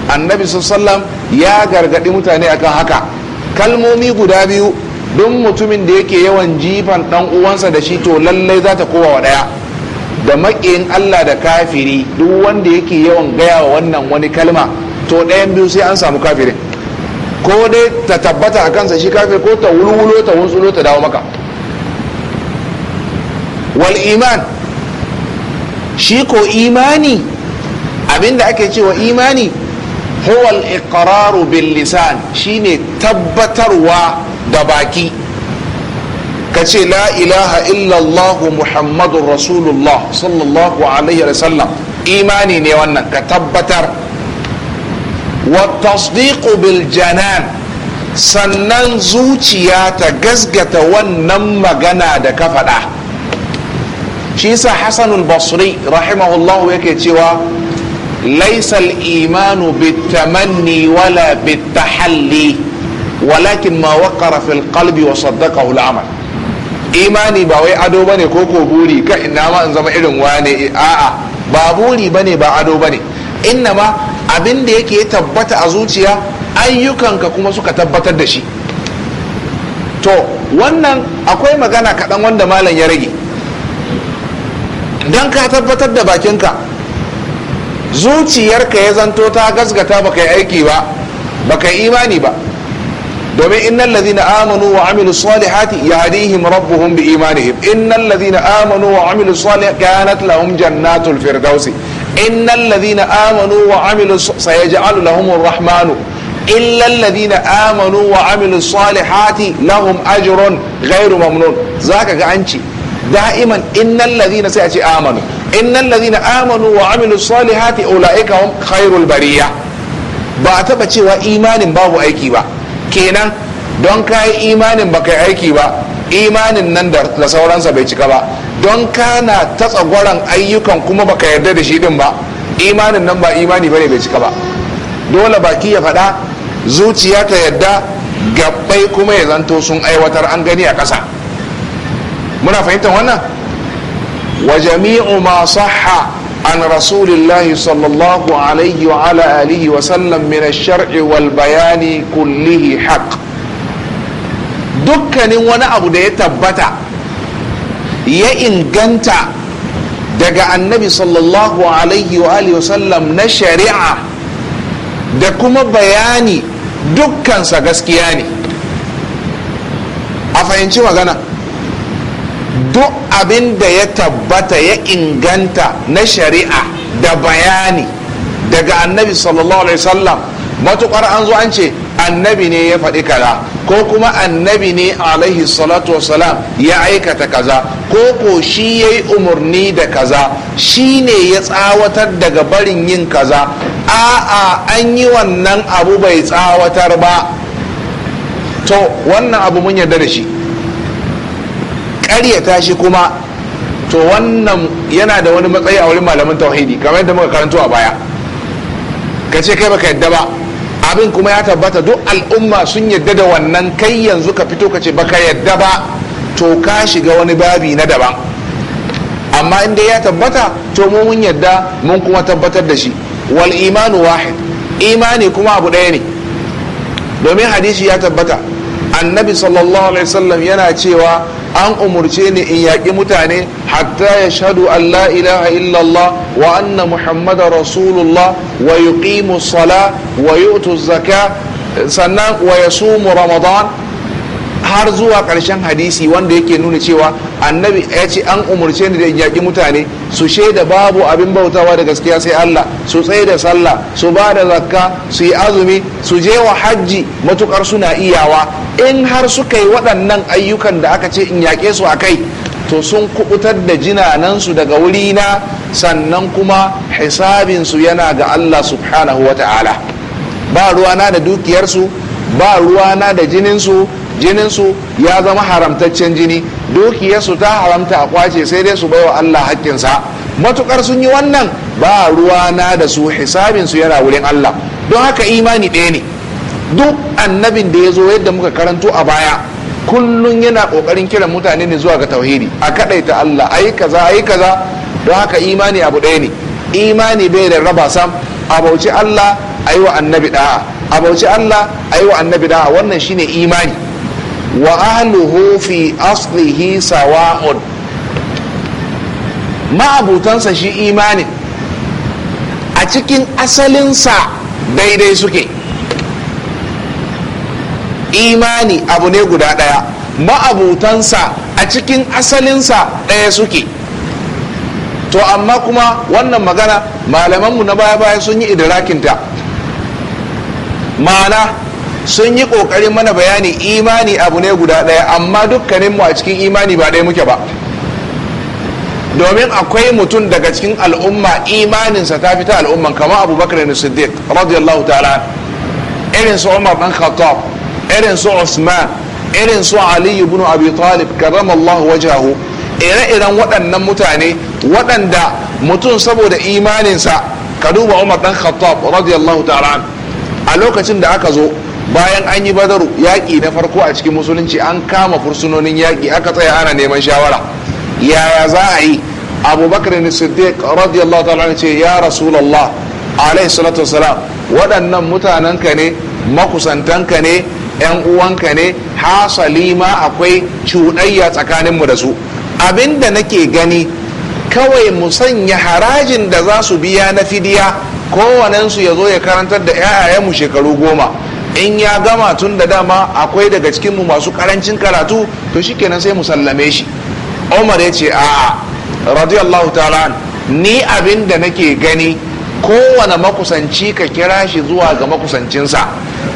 annabi sallam ya gargaɗi mutane akan haka kalmomi guda biyu don mutumin da yake yawan jifan dan uwansa da shi to lallai za ta kowa wa daya da maƙiyin Allah da kafiri duk wanda yake yawan gaya wa wannan wani kalma to ɗayan biyu sai an samu kafirin ko dai ta tabbata a kansa shi kafir ko ta wulwulo ta wutsulo ta dawo maka wal iman shi ko imani abinda ake cewa imani Huwal al iqraru bil lisan shine tabbatarwa da baki ka ce la ilaha illallah muhammadun rasulullah sallallahu alaihi wasallam imani ne wannan ka tabbatar wa tasdiqu bil sannan zuciya ta gasgata wannan magana da ka faɗa shi sa hasanul basri rahimahullahu yake cewa laisal imanu bitamanni wala bitahalli ولكن fil ƙalbi wa القلب وصدقه amal imani ba wai ado bane ko ko buri ka ina ma in zama irin wane a'a ba buri bane ba ado bane inna ma abin da yake tabbata a zuciya ayyukanka kuma suka tabbatar da shi to wannan akwai magana kaɗan wanda malam ya rage don ka tabbatar da bakinka zuciyarka ya zanto ta gasgata baka yi aiki ba baka yi imani ba domin innan ladhina amanu wa amilu salihati yahdihim rabbuhum bi imanihim Innan ladhina amanu wa amilu salihati kanat lahum jannatul firdausi Innan ladhina amanu wa amilu sayaj'alu lahumur rahmanu إلا الذين آمنوا وعملوا الصالحات لهم أجر غير ممنون Da'iman عنشي دائما إن الذين سيأتي آمنوا إن الذين آمنوا وعملوا الصالحات أولئك هم خير البرية ba a taba cewa imanin babu aiki ba kenan don ka yi imanin baka yi aiki ba imanin nan da sauransa bai cika ba don kana ta tsagwaron ayyukan kuma baka yarda da shi din ba imanin nan ba imani bane bai cika ba dole baki ya faɗa zuciya ta yarda gabbai kuma ya zanto sun aiwatar an gani a ƙasa muna fahimtar wannan wa jami'u ma sahha An رسول الله صلى الله عليه وعلى آله وسلم من الشرع والبيان كله dukkanin wani abu da ya tabbata ya inganta daga annabi sallallahu alaihi wa alihi na shari'a da kuma bayani dukkansa gaskiya ne a fahimci magana duk abin da ya tabbata ya inganta na shari'a da bayani daga annabi sallallahu alaihi wasallam matukar an zo an ce annabi ne ya faɗi kaza ko kuma annabi ne alaihi salatu wasalam ya aikata kaza ko ko shi ya yi umarni da kaza shi ne ya tsawatar daga barin yin kaza a'a an yi wannan abu bai tsawatar ba to wannan abu mun yarda da shi karya shi kuma to wannan yana da wani matsayi a wurin malamin tauhidi kamar yadda muka karanto a baya ka ce kai baka yadda ba abin kuma ya tabbata duk al'umma sun yadda da wannan kai yanzu ka fito ka ce baka yadda ba to ka shiga wani babi na daban amma in dai ya tabbata to mu mun yadda mun kuma tabbatar da shi wal imanu wahid imani kuma abu ɗaya ne domin hadisi ya tabbata annabi sallallahu alaihi wasallam yana cewa an umurce ni in yaƙi mutane hatta ya shahadu an la ilaha illallah wa anna muhammadar rasulullah wa yuqimu sala wa yu'tu zaka sannan wa yasumu ramadan har zuwa ƙarshen hadisi wanda yake nuna cewa annabi ya ce an umarce ni da in yaƙi mutane su shaida babu abin bautawa da gaskiya sai Allah su tsaye da sallah su ba da zakka su yi azumi su je wa hajji matukar suna iyawa in har suka yi waɗannan ayyukan da aka ce in yaƙe su a kai to sun kubutar da jinanansu daga wurina sannan kuma hisabinsu yana ga Allah subhanahu wa ta'ala ba ruwana da dukiyarsu ba ruwana da jininsu Jinin su ya zama haramtaccen jini dukiyarsu ta haramta a kwace sai dai su baiwa Allah haƙƙinsa matukar sun yi wannan ba ruwa na da su hisabin su yana wurin Allah don haka imani ɗaya ne duk annabin da ya zo yadda muka karanto a baya kullum yana ƙoƙarin kiran mutane ne zuwa ga tauhidi a kaɗaita Allah ayi kaza ayi kaza don haka imani abu ɗaya ne imani bai da raba sam a bauci Allah ayi wa annabi da'a a bauci Allah ayi wa annabi da'a wannan shine imani wa ahluhu fi aslihi sawa'un abutansa shi imanin a cikin asalinsa daidai suke imani abu ne guda ɗaya ma'abutansa a cikin asalinsa ɗaya suke to amma kuma wannan magana malamanmu na baya-baya sun yi idrakinta ma'ana sun yi ƙoƙarin mana bayani imani abu ne guda ɗaya amma dukkaninmu a cikin imani ba ɗaya muke ba domin akwai mutum daga cikin al'umma imaninsa ta fita al'umman kama abubakar ne siddiq radiyallahu ta'ala irin su umar ɗan khattab irin su usman irin su ali ibn abi talib karramallahu wajahu ire-iren waɗannan mutane waɗanda mutum saboda imaninsa ka duba umar ɗan khattab radiyallahu ta'ala a lokacin da aka zo bayan an yi badaru yaƙi na farko a cikin musulunci an kama fursunonin yaƙi aka tsaya ana neman shawara yaya za a yi abubakar ne siddiq radiyallahu ta'ala ce ya rasulallah alaihi salatu wasalam waɗannan mutanenka ne makusantanka ne yan uwanka ne hasali ma akwai cuɗayya tsakaninmu da su Abin da nake gani kawai mu sanya harajin da za su biya na fidiya kowanensu ya zo ya karantar da 'ya'yayenmu shekaru goma in ya gama tun da dama akwai daga cikinmu masu karancin karatu to shikenan sai mu sallame shi umar ya ce a'a radiyallahu ta'ala ni abin da nake gani kowane makusanci ka kira shi zuwa ga makusancinsa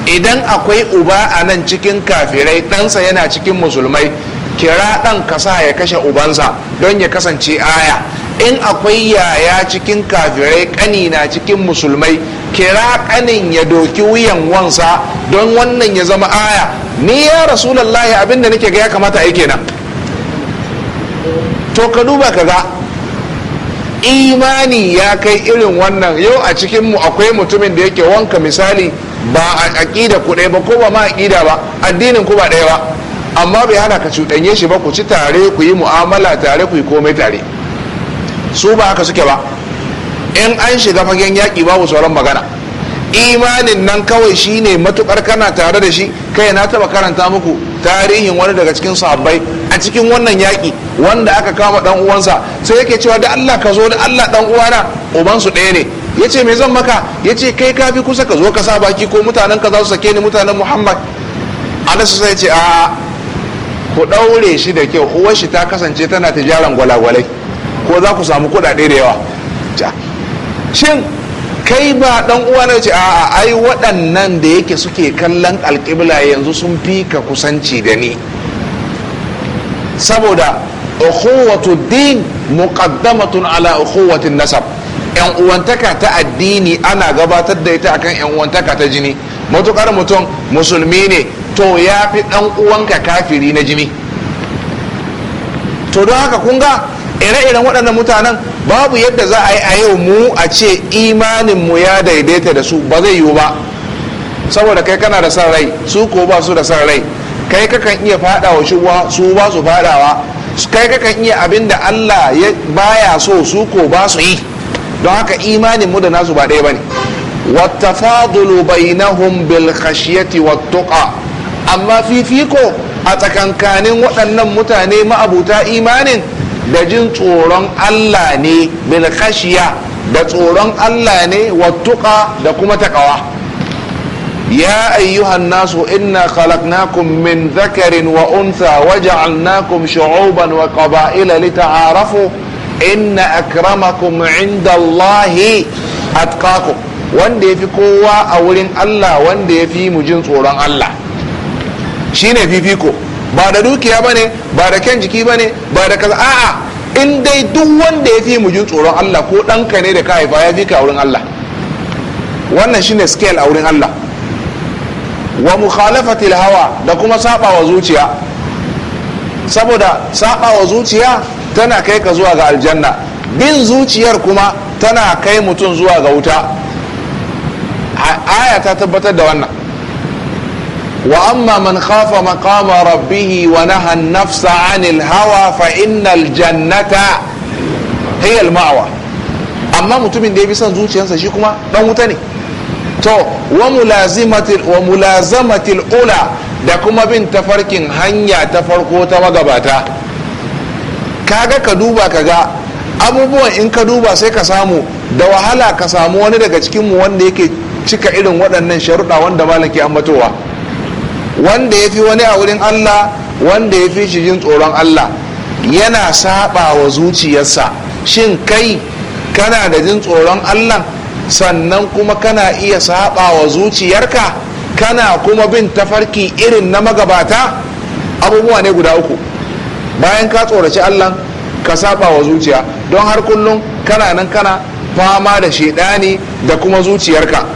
idan akwai uba a nan cikin kafirai ɗansa yana cikin musulmai kira ɗan kasa ya kashe ubansa don ya kasance aya in akwai yaya cikin kafirai ƙanina cikin musulmai kira kanin ya doki wuyan wansa don wannan ya zama aya ni ya rasulullahi abin da nake ga ya kamata ai nan. to ka duba ka ga imani ya kai irin wannan yau a cikinmu akwai mutumin da yake wanka misali ba a akida ku ɗaya ba ko ba ma akida ba addinin ku ba ɗaya ba amma bai hana ka cuɗanye shi ba ku ci tare ku yi mu'amala tare ku yi komai tare su ba haka suke ba in an shiga fagen yaƙi babu sauran magana imanin nan kawai shine matuƙar kana tare da shi kai na taɓa karanta muku tarihin wani daga cikin sahabbai a cikin wannan yaƙi wanda aka kama dan uwansa sai yake cewa da Allah ka zo da Allah dan uwana uban su ɗaya ne yace me zan maka yace kai ka fi kusa ka zo ka sa baki ko mutanen ka za su sake ni mutanen Muhammad Anas sai ce a ku ɗaure shi da kyau uwar shi ta kasance tana tijaran gwalagwalai ko za ku samu kuɗaɗe da yawa shin kai ba dan uwa na ce a'a ai waɗannan da yake suke kallon alƙibla yanzu sun fi ka kusanci da ni saboda ukhuwatu din muqaddamatun ala ukhuwatin nasab yan uwantaka ta addini ana gabatar da ita akan yan uwantaka ta jini matukar mutum musulmi ne to ya fi dan uwanka kafiri na jini to don haka kun ga ire-iren waɗannan mutanen babu yadda za a yi a yau mu a ce imanin mu ya daidaita da su ba zai yiwu ba saboda kai kana da san rai su ko ba su da san rai kai kakan iya fada wa shuwa su ba su fadawa kai kakan iya abin da Allah ya baya so su ko ba su yi don haka imanin mu da nasu ba ɗaya bane wattafadulu bainahum bil khashyati wattuqa amma fifiko a tsakankanin waɗannan mutane ma'abuta imanin da jin tsoron Allah ne bil khashiya da tsoron Allah ne wattuqa da kuma takawa ya ayyuhan nasu inna khalaqnakum min dhakarin wa untha waja'alnakum shu'uban wa qaba'ila lita'arafu inna akramakum 'inda Allahi atqakum wanda yafi kowa a wurin Allah wanda yafi mu jin tsoron Allah shine fifiko ba da dukiya ba ne, ba da kyan jiki ba ne, ba da kaza a'a in dai duk wanda ya fi mu tsoron Allah ko ɗanka ne da ka haifa ya fi ka wurin Allah wannan shine scale a wurin Allah wa mukhalafatil hawa da kuma saba wa zuciya saboda saba wa zuciya tana kai ka zuwa ga aljanna bin zuciyar kuma tana kai mutum zuwa ga wuta aya ta tabbatar da wannan وأما من خاف مقام hawa ونهى النفس عن الهوى فإن الجنة هي المأوى أما متمن دي zuciyarsa shi kuma شيكما wuta ne to wa mulazamatil ula da kuma bin tafarkin hanya ta farko ta magabata kaga ka duba kaga abubuwan in ka duba sai ka samu da wahala ka samu wani daga cikinmu wanda yake cika irin waɗannan sharuɗa wanda malam ke ambatowa wanda ya fi wani a wurin Allah wanda ya fi shi jin tsoron Allah yana saba wa zuciyarsa shin kai kana da jin tsoron Allah sannan kuma kana iya saba wa zuciyarka kana kuma bin tafarki irin na magabata abubuwa ne guda uku bayan ka tsoraci Allah ka saba wa zuciya don har kullum kana nan kana fama da shaidani da kuma zuciyarka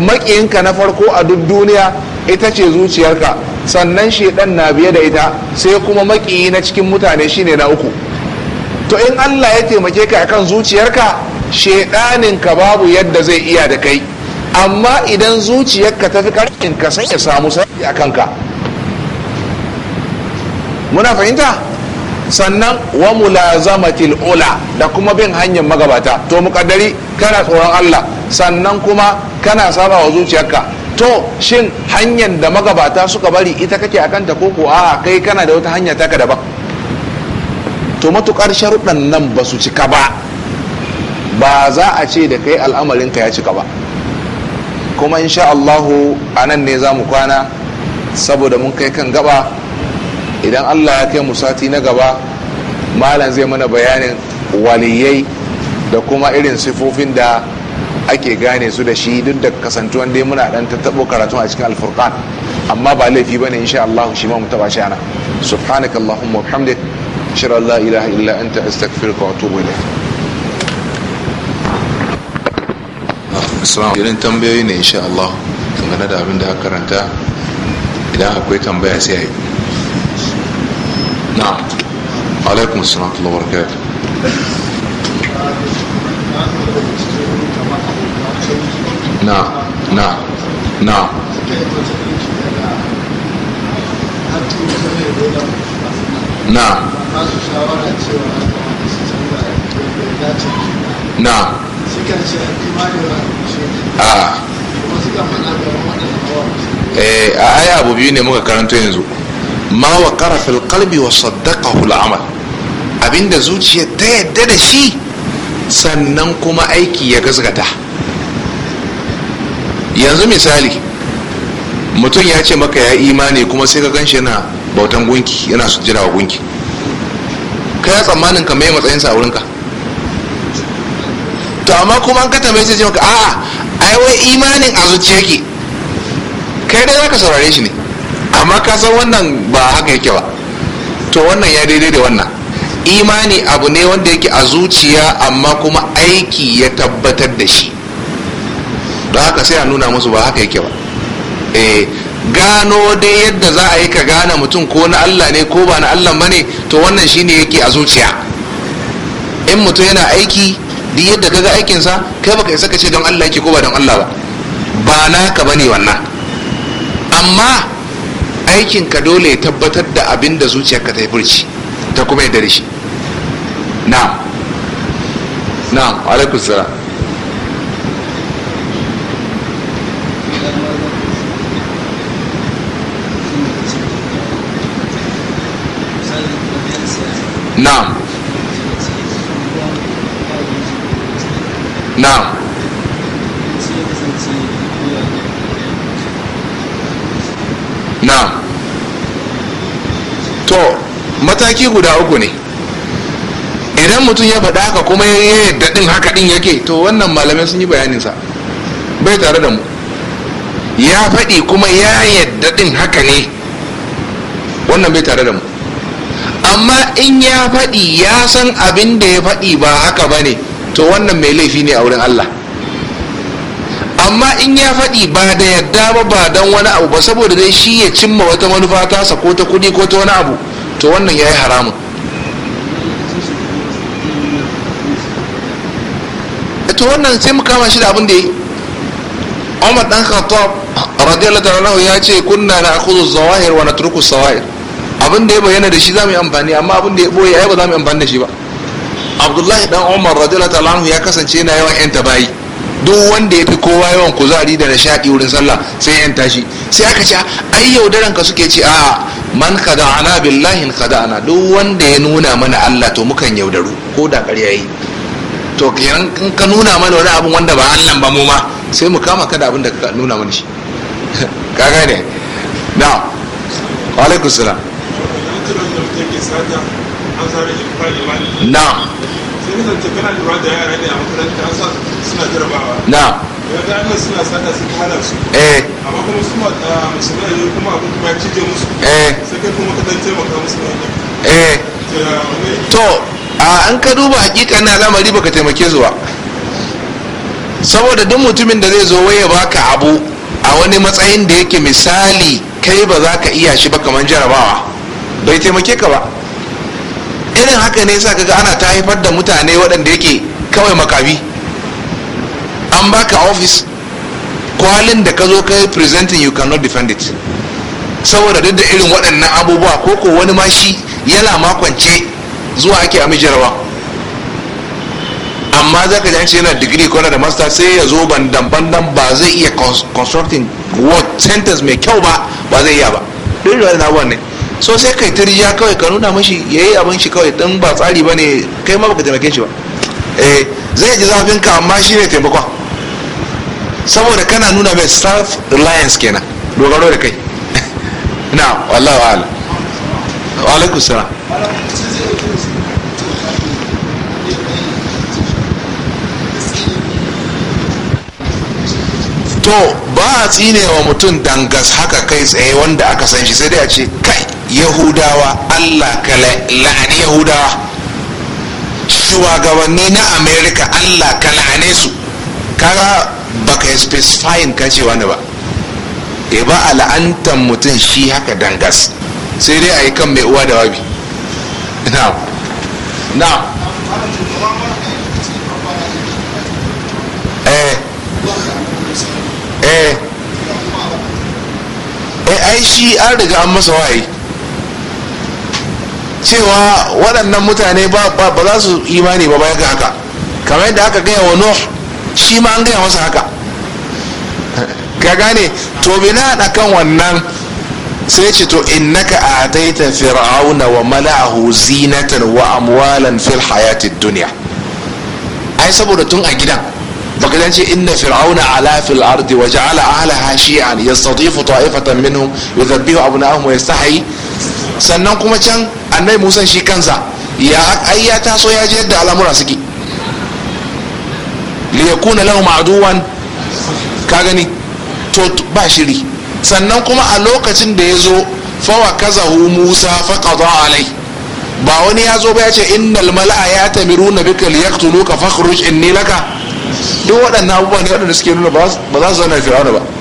makiyinka na farko a duk duniya ita ce zuciyarka sannan shaidan na biye da ita sai kuma makiyi na cikin mutane shine na uku to in Allah ya taimake ka akan zuciyarka shedanin ka babu yadda zai iya da kai amma idan zuciyarka ta fi karfin ka sai ya samu sai a kanka muna fahimta sannan wa mulazamatil ula da kuma bin hanyar magabata to mukaddari kana tsoron Allah sannan kuma kana saba wa zuciyarka to shin hanyar da magabata suka bari ita kake kanta ko ko a kai kana da wata hanya taka daban to matukar sharuɗan nan ba su cika ba ba za a ce da kai al'amarinka ya cika ba kuma insha Allahu a nan ne za mu kwana saboda mun kai kan gaba idan Allah ya kai mu sati na gaba malam zai mana bayanin waliyai da kuma irin sifofin da ake gane su da shi duk da kasantuwan dai muna dan tattabo karatu a cikin alfurqan amma ba laifi bane insha Allah shi ma mu taba shi ana subhanaka allahumma wa bihamdik ashhadu an la ilaha illa anta astaghfiruka wa atubu ilayk assalamu alaikum tambayoyi ne insha Allah dangane da abin da aka karanta idan akwai tambaya sai ayi na'am alaikum assalamu alaikum wa barakatuh na na na na na a ah. eh a aya abu biyu ne muka karanta yanzu ma wa kara wa saddaqahu al abinda zuciya ta yadda da shi sannan kuma aiki ya gazgata yanzu misali mutum ya ce maka ya imani kuma sai ka gan shi yana bautan gunki yana jira wa gunki ka ya tsammanin ka mai matsayinsa a wurinka to amma kuma an ka tambaye sai ce maka a'a ai wai imanin a zuciya yake kai dai zaka saurare shi ne amma ka san wannan ba haka yake ba to wannan ya daidai da wannan imani abu ne wanda yake a zuciya amma kuma aiki ya tabbatar da shi don haka sai a nuna musu ba haka yake ba eh gano dai yadda za a yi ka gane mutum ko na Allah ne ko ba na Allah ba ne to wannan shine yake a zuciya in mutum yana aiki duk yadda ka ga aikinsa kai baka isa ka ce don Allah yake ko ba don Allah ba ba naka ne wannan amma aikinka dole ya tabbatar da abin da zuciyarka ta yi ta kuma yadda da shi na'am na'am alaikum Na, na, na, to mataki guda uku ne idan mutum ya faɗa haka kuma ya yi daɗin haka ɗin yake to wannan malamai sun yi bayaninsa bai tare da mu ya faɗi kuma ya yi daɗin haka ne wannan bai tare da mu amma in ya faɗi ya san abin da ya faɗi ba haka ba ne to wannan mai laifi ne a wurin Allah amma in ya faɗi ba da yadda ba ba don wani abu ba saboda dai shi ya cimma wata manufa tasa ko ta kuɗi ko ta wani abu to wannan ya yi haramun to wannan sai mu kama shi da abin da yi umar dan khattab radiyallahu ta'ala ya ce kunna na akhudhu zawahir wa natruku sawa'ir abin da ya bayyana da shi za mu yi amfani amma abin da ya boye ai ba za mu yi amfani da shi ba abdullahi dan umar radiyallahu ta'ala anhu ya kasance yana yawan yan tabayi duk wanda ya fi kowa yawan kuzari da nishadi wurin sallah sai yan tashi sai aka ce ai yaudaran ka suke ce a man ana billahi ana duk wanda ya nuna mana Allah to mukan yaudaru ko da ƙarya yi to kenan kan ka nuna mana wani abin wanda ba Allah ba mu ma sai mu kama kada abin da ka nuna mana shi [LAUGHS] ka gane na wa alaikum salam ake sata an na sai zance kana lura da yara ne a makaranta an sa suna jarabawa na ya ga annan suna sata su eh amma kuma su ah, musulmai ne kuma abin kuma cije musu eh sai kai kuma ka dan taimaka musu eh. ne eh to an ka duba hakika na lamari baka taimake saboda duk mutumin da zai zo waye baka abu a wani matsayin da yake misali kai ba za ka iya shi ba kamar jarabawa bai taimake ka ba irin haka ne sa kaga ana ta haifar da mutane waɗanda yake kawai makami an baka ofis kwalin da ka zo ka yi presenting you cannot defend it saboda duk da irin waɗannan abubuwa ko ko wani ma shi yana makwance zuwa ake a mijirwa amma za ka ji yana digiri kwana da master sai ya zo bandan bandan ba zai iya constructing word sentence mai kyau ba ba zai iya ba duk da waɗannan abubuwa ne so sai kai ya kawai ka nuna mashi ya yi abin shi kawai dan ba tsari ba ne kai ma baka taimake shi ba eh zai ji zafin ka amma shi ne taimakon saboda kana nuna mai self reliance kenan dogaro da kai na wa ala wa alaikum salam to ba a tsine wa mutum dangas haka kai tsaye wanda aka san shi sai dai a ce yahudawa allah ka la'ani yahudawa shugabanni na america allah ka la'ane su kaga baka specifying ka ce wani ba e ba a la'antar mutum shi haka dangas sai dai a yi kan mai uwa da wabi na na eh eh eh ai shi an riga an masa wahayi cewa waɗannan mutane ba ba za su imani ba bayan haka kamar yadda aka gaya wa nuh shi ma an gaya masa haka [LAUGHS] ka gane to bina da kan wannan sai ce to innaka ataita fir'auna wa mala'ahu zinatan wa amwalan fil hayatid dunya ai saboda tun a gidan baka dan ce inna fir'auna ala fil ardi wa ja'ala ahlaha shi'an yastadifu ta'ifatan minhum yudhabbihu abna'ahum wa yastahyi sannan kuma can annai musan shi kansa ya ai ya taso ya ji yadda al'amura suke li yakuna lahu ma'duwan ka gani to ba shiri sannan kuma a lokacin da ya zo wa kazahu musa fa qada alai ba wani ya zo ba ya ce innal mala'a ya tamiru na bika liyaqtuluka fakhruj inni laka duk waɗannan abubuwa ne waɗanda suke nuna ba za su zauna fir'auna ba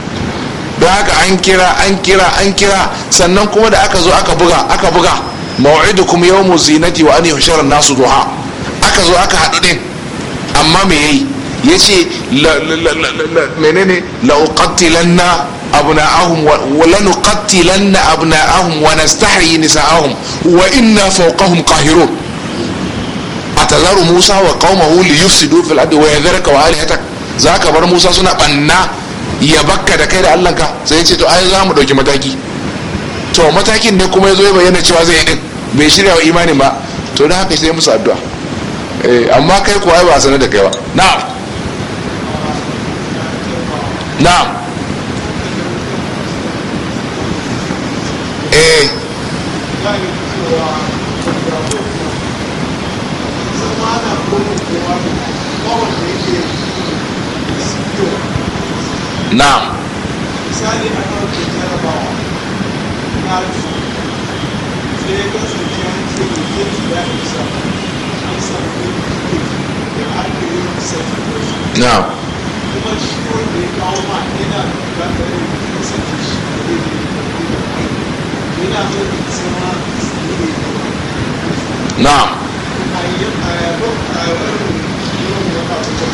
don haka an kira an kira an kira sannan kuma da aka zo aka buga aka buga kuma maw'idukum mu zinati wa an yuhshara nasu duha aka zo aka haɗu din amma me yayi yace menene la uqattilanna abna'ahum wa lanuqattilanna abna'ahum wa nastahyi nisa'ahum wa inna fawqahum qahirun atazaru musa wa qaumahu liyufsidu fil ardi wa yadhraka wa alihatak zaka bar musa suna banna ya bakka da kai da allah ka sai ya ce to ai za mu ɗauki mataki to matakin ne kuma ya zo ya bayyana cewa zai yi bai shirya wa imanin ba to da haka sai musu addu'a eh, amma kai kuwa ba a da kai ba na'am na'am eh na'am misali a kan ke jarabawa na rufu sai ya kasance an ce da ke ci ya isa an samu ke da ake yi sati da su na'am kuma shi wanda ya kawo ma yana bukatar yin sati shi da ya yi da yana so da sama su ne na'am a yi a yi a yi a yi a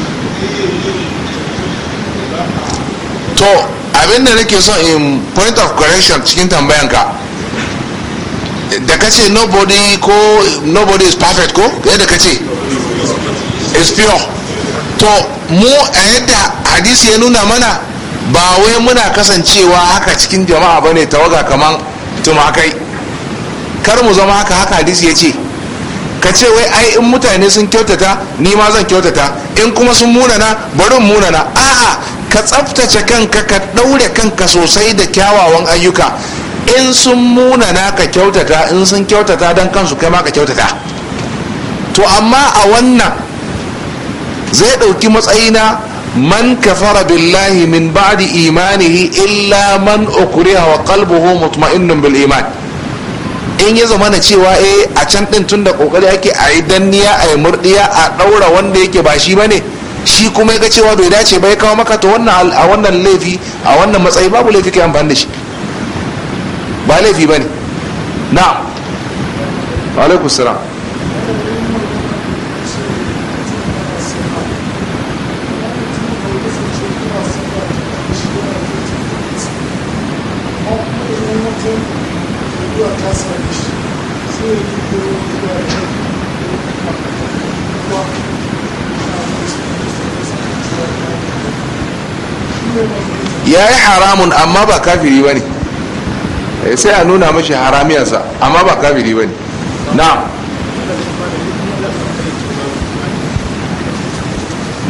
yi a yi a yi to abin da nake son in point of correction cikin tambayanka da ka ce nobody ko nobody is perfect ko yadda ka ce is pure to mu a yadda hadisi ya nuna mana ba wai muna kasancewa haka cikin jama'a bane tawaga kaman tumakai kar mu zama haka haka hadisi ya ce ka ce wai ai in mutane sun kyautata ni ma zan kyautata in kuma sun munana bari munana a'a ka tsaftace kanka ka ɗaure kanka sosai da kyawawan ayyuka in sun munana ka kyautata in sun kyautata don kansu kai ma ka kyautata to amma a wannan zai ɗauki matsayina man kafara billahi min ba'di imanihi illa man ukriha wa qalbuhu mutma'innun bil iman in ya zama na cewa eh a can din tunda kokari ake a yi danniya a yi murdiya a ɗaura wanda yake ba shi bane ne shi kuma ya ga cewa bai dace ba ya kawo maka to wannan a wannan laifi a wannan matsayi babu laifi kai amfani da shi ba laifi ba ne na'am alaikum ya yi haramun amma ba kafiri ba ne eh, sai a nuna mashi haramiyarsa amma ba kafiri ba ne na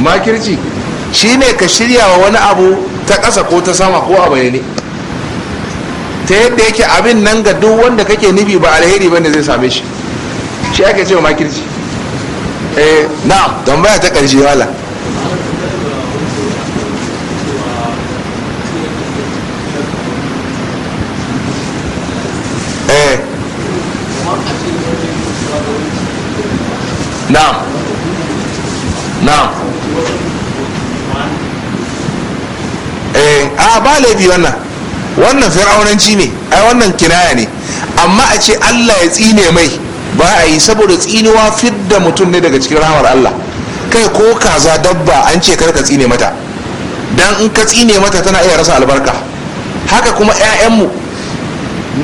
makirci shi ne ka shirya wa wani abu ta ƙasa ko ta sama ko a bayane ta yadda yake abin nan ga duk wanda kake nufi ba alheri ba ne zai same shi shi ake wa makirci eh na tambaya ta ƙarshe wala Na, na, eh a ba laifi wannan wannan fir'aunanci ne ai wannan kinaya ne amma a ce Allah ya tsine mai ba a yi saboda tsinuwa fidda mutum ne daga cikin rahamar Allah kai ko kaza dabba an ce karka tsine mata dan in ka tsine mata tana iya rasa albarka haka kuma 'ya'yanmu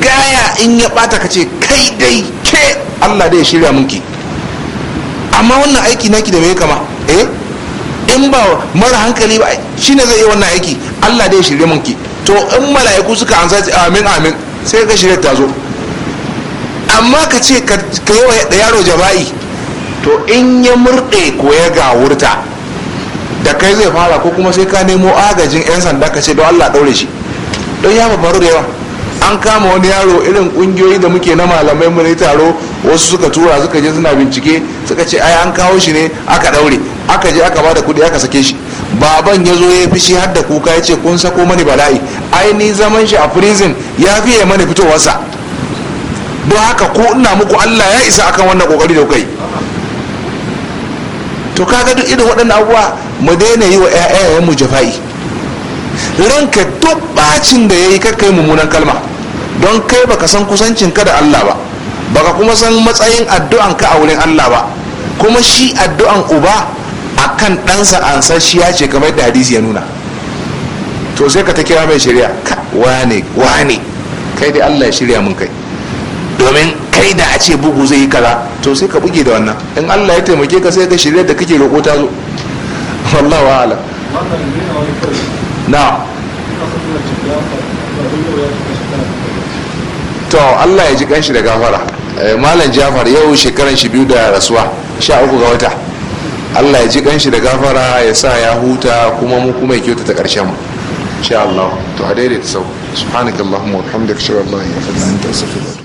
gaya in ya bata ka ce kai dai ke Allah dai shirya munki amma wannan aiki naki da mai kama eh in ba mara hankali ba shi ne zai yi wannan aiki Allah dai shirya mun ki to in mala'iku suka ansa su amin amin sai ka shirya ta zo amma ka ce ka yi wa da yaro jama'i to in ya murɗe ko ya wurta da kai zai fara ko kuma sai ka nemo agajin 'yan sanda ka ce don Allah ɗaure shi don ya faru da yawa an kama wani yaro irin kungiyoyi da muke na malamai mu ne taro wasu suka tura suka je suna bincike suka ce ai an kawo shi ne aka daure aka je aka bada kuɗi aka sake shi baban ya zo ya fishi har da kuka ya ce kun sako mani bala'i ai ni zaman shi a prison ya fiye mani fitowarsa don haka ko ina muku allah ya isa akan wannan kokari da kai to kaga duk irin waɗannan abubuwa mu daina yi wa 'ya'yayenmu jafa'i ranka duk bacin da ya yi kakkai mummunan kalma don kai baka san kusancinka da Allah ba baka kuma san matsayin addu'an ka a wurin Allah ba kuma shi addu'an uba akan ɗansa shi ya ce kamar da hadisi ya nuna to sai ka ta kira mai shirya wane wane kai dai Allah ya shirya mun kai domin kai da a ce bugu zai yi kaza to sai ka buge da wannan in Allah ya taimake ka sai ka shirya da kake roƙo ta zo wallahi wa'ala na to allah ya ji kanshi da gafara eh, malam jafar yau shekaran shi biyu da rasuwa sha uku ga wata allah ya ji kanshi da gafara ya sa ya huta kuma mu kuma ya kyautata karshen mu insha allah to a daidaita sau subhanakallahumma wa bihamdika shukran lillahi wa ta'ala anta astaghfiruka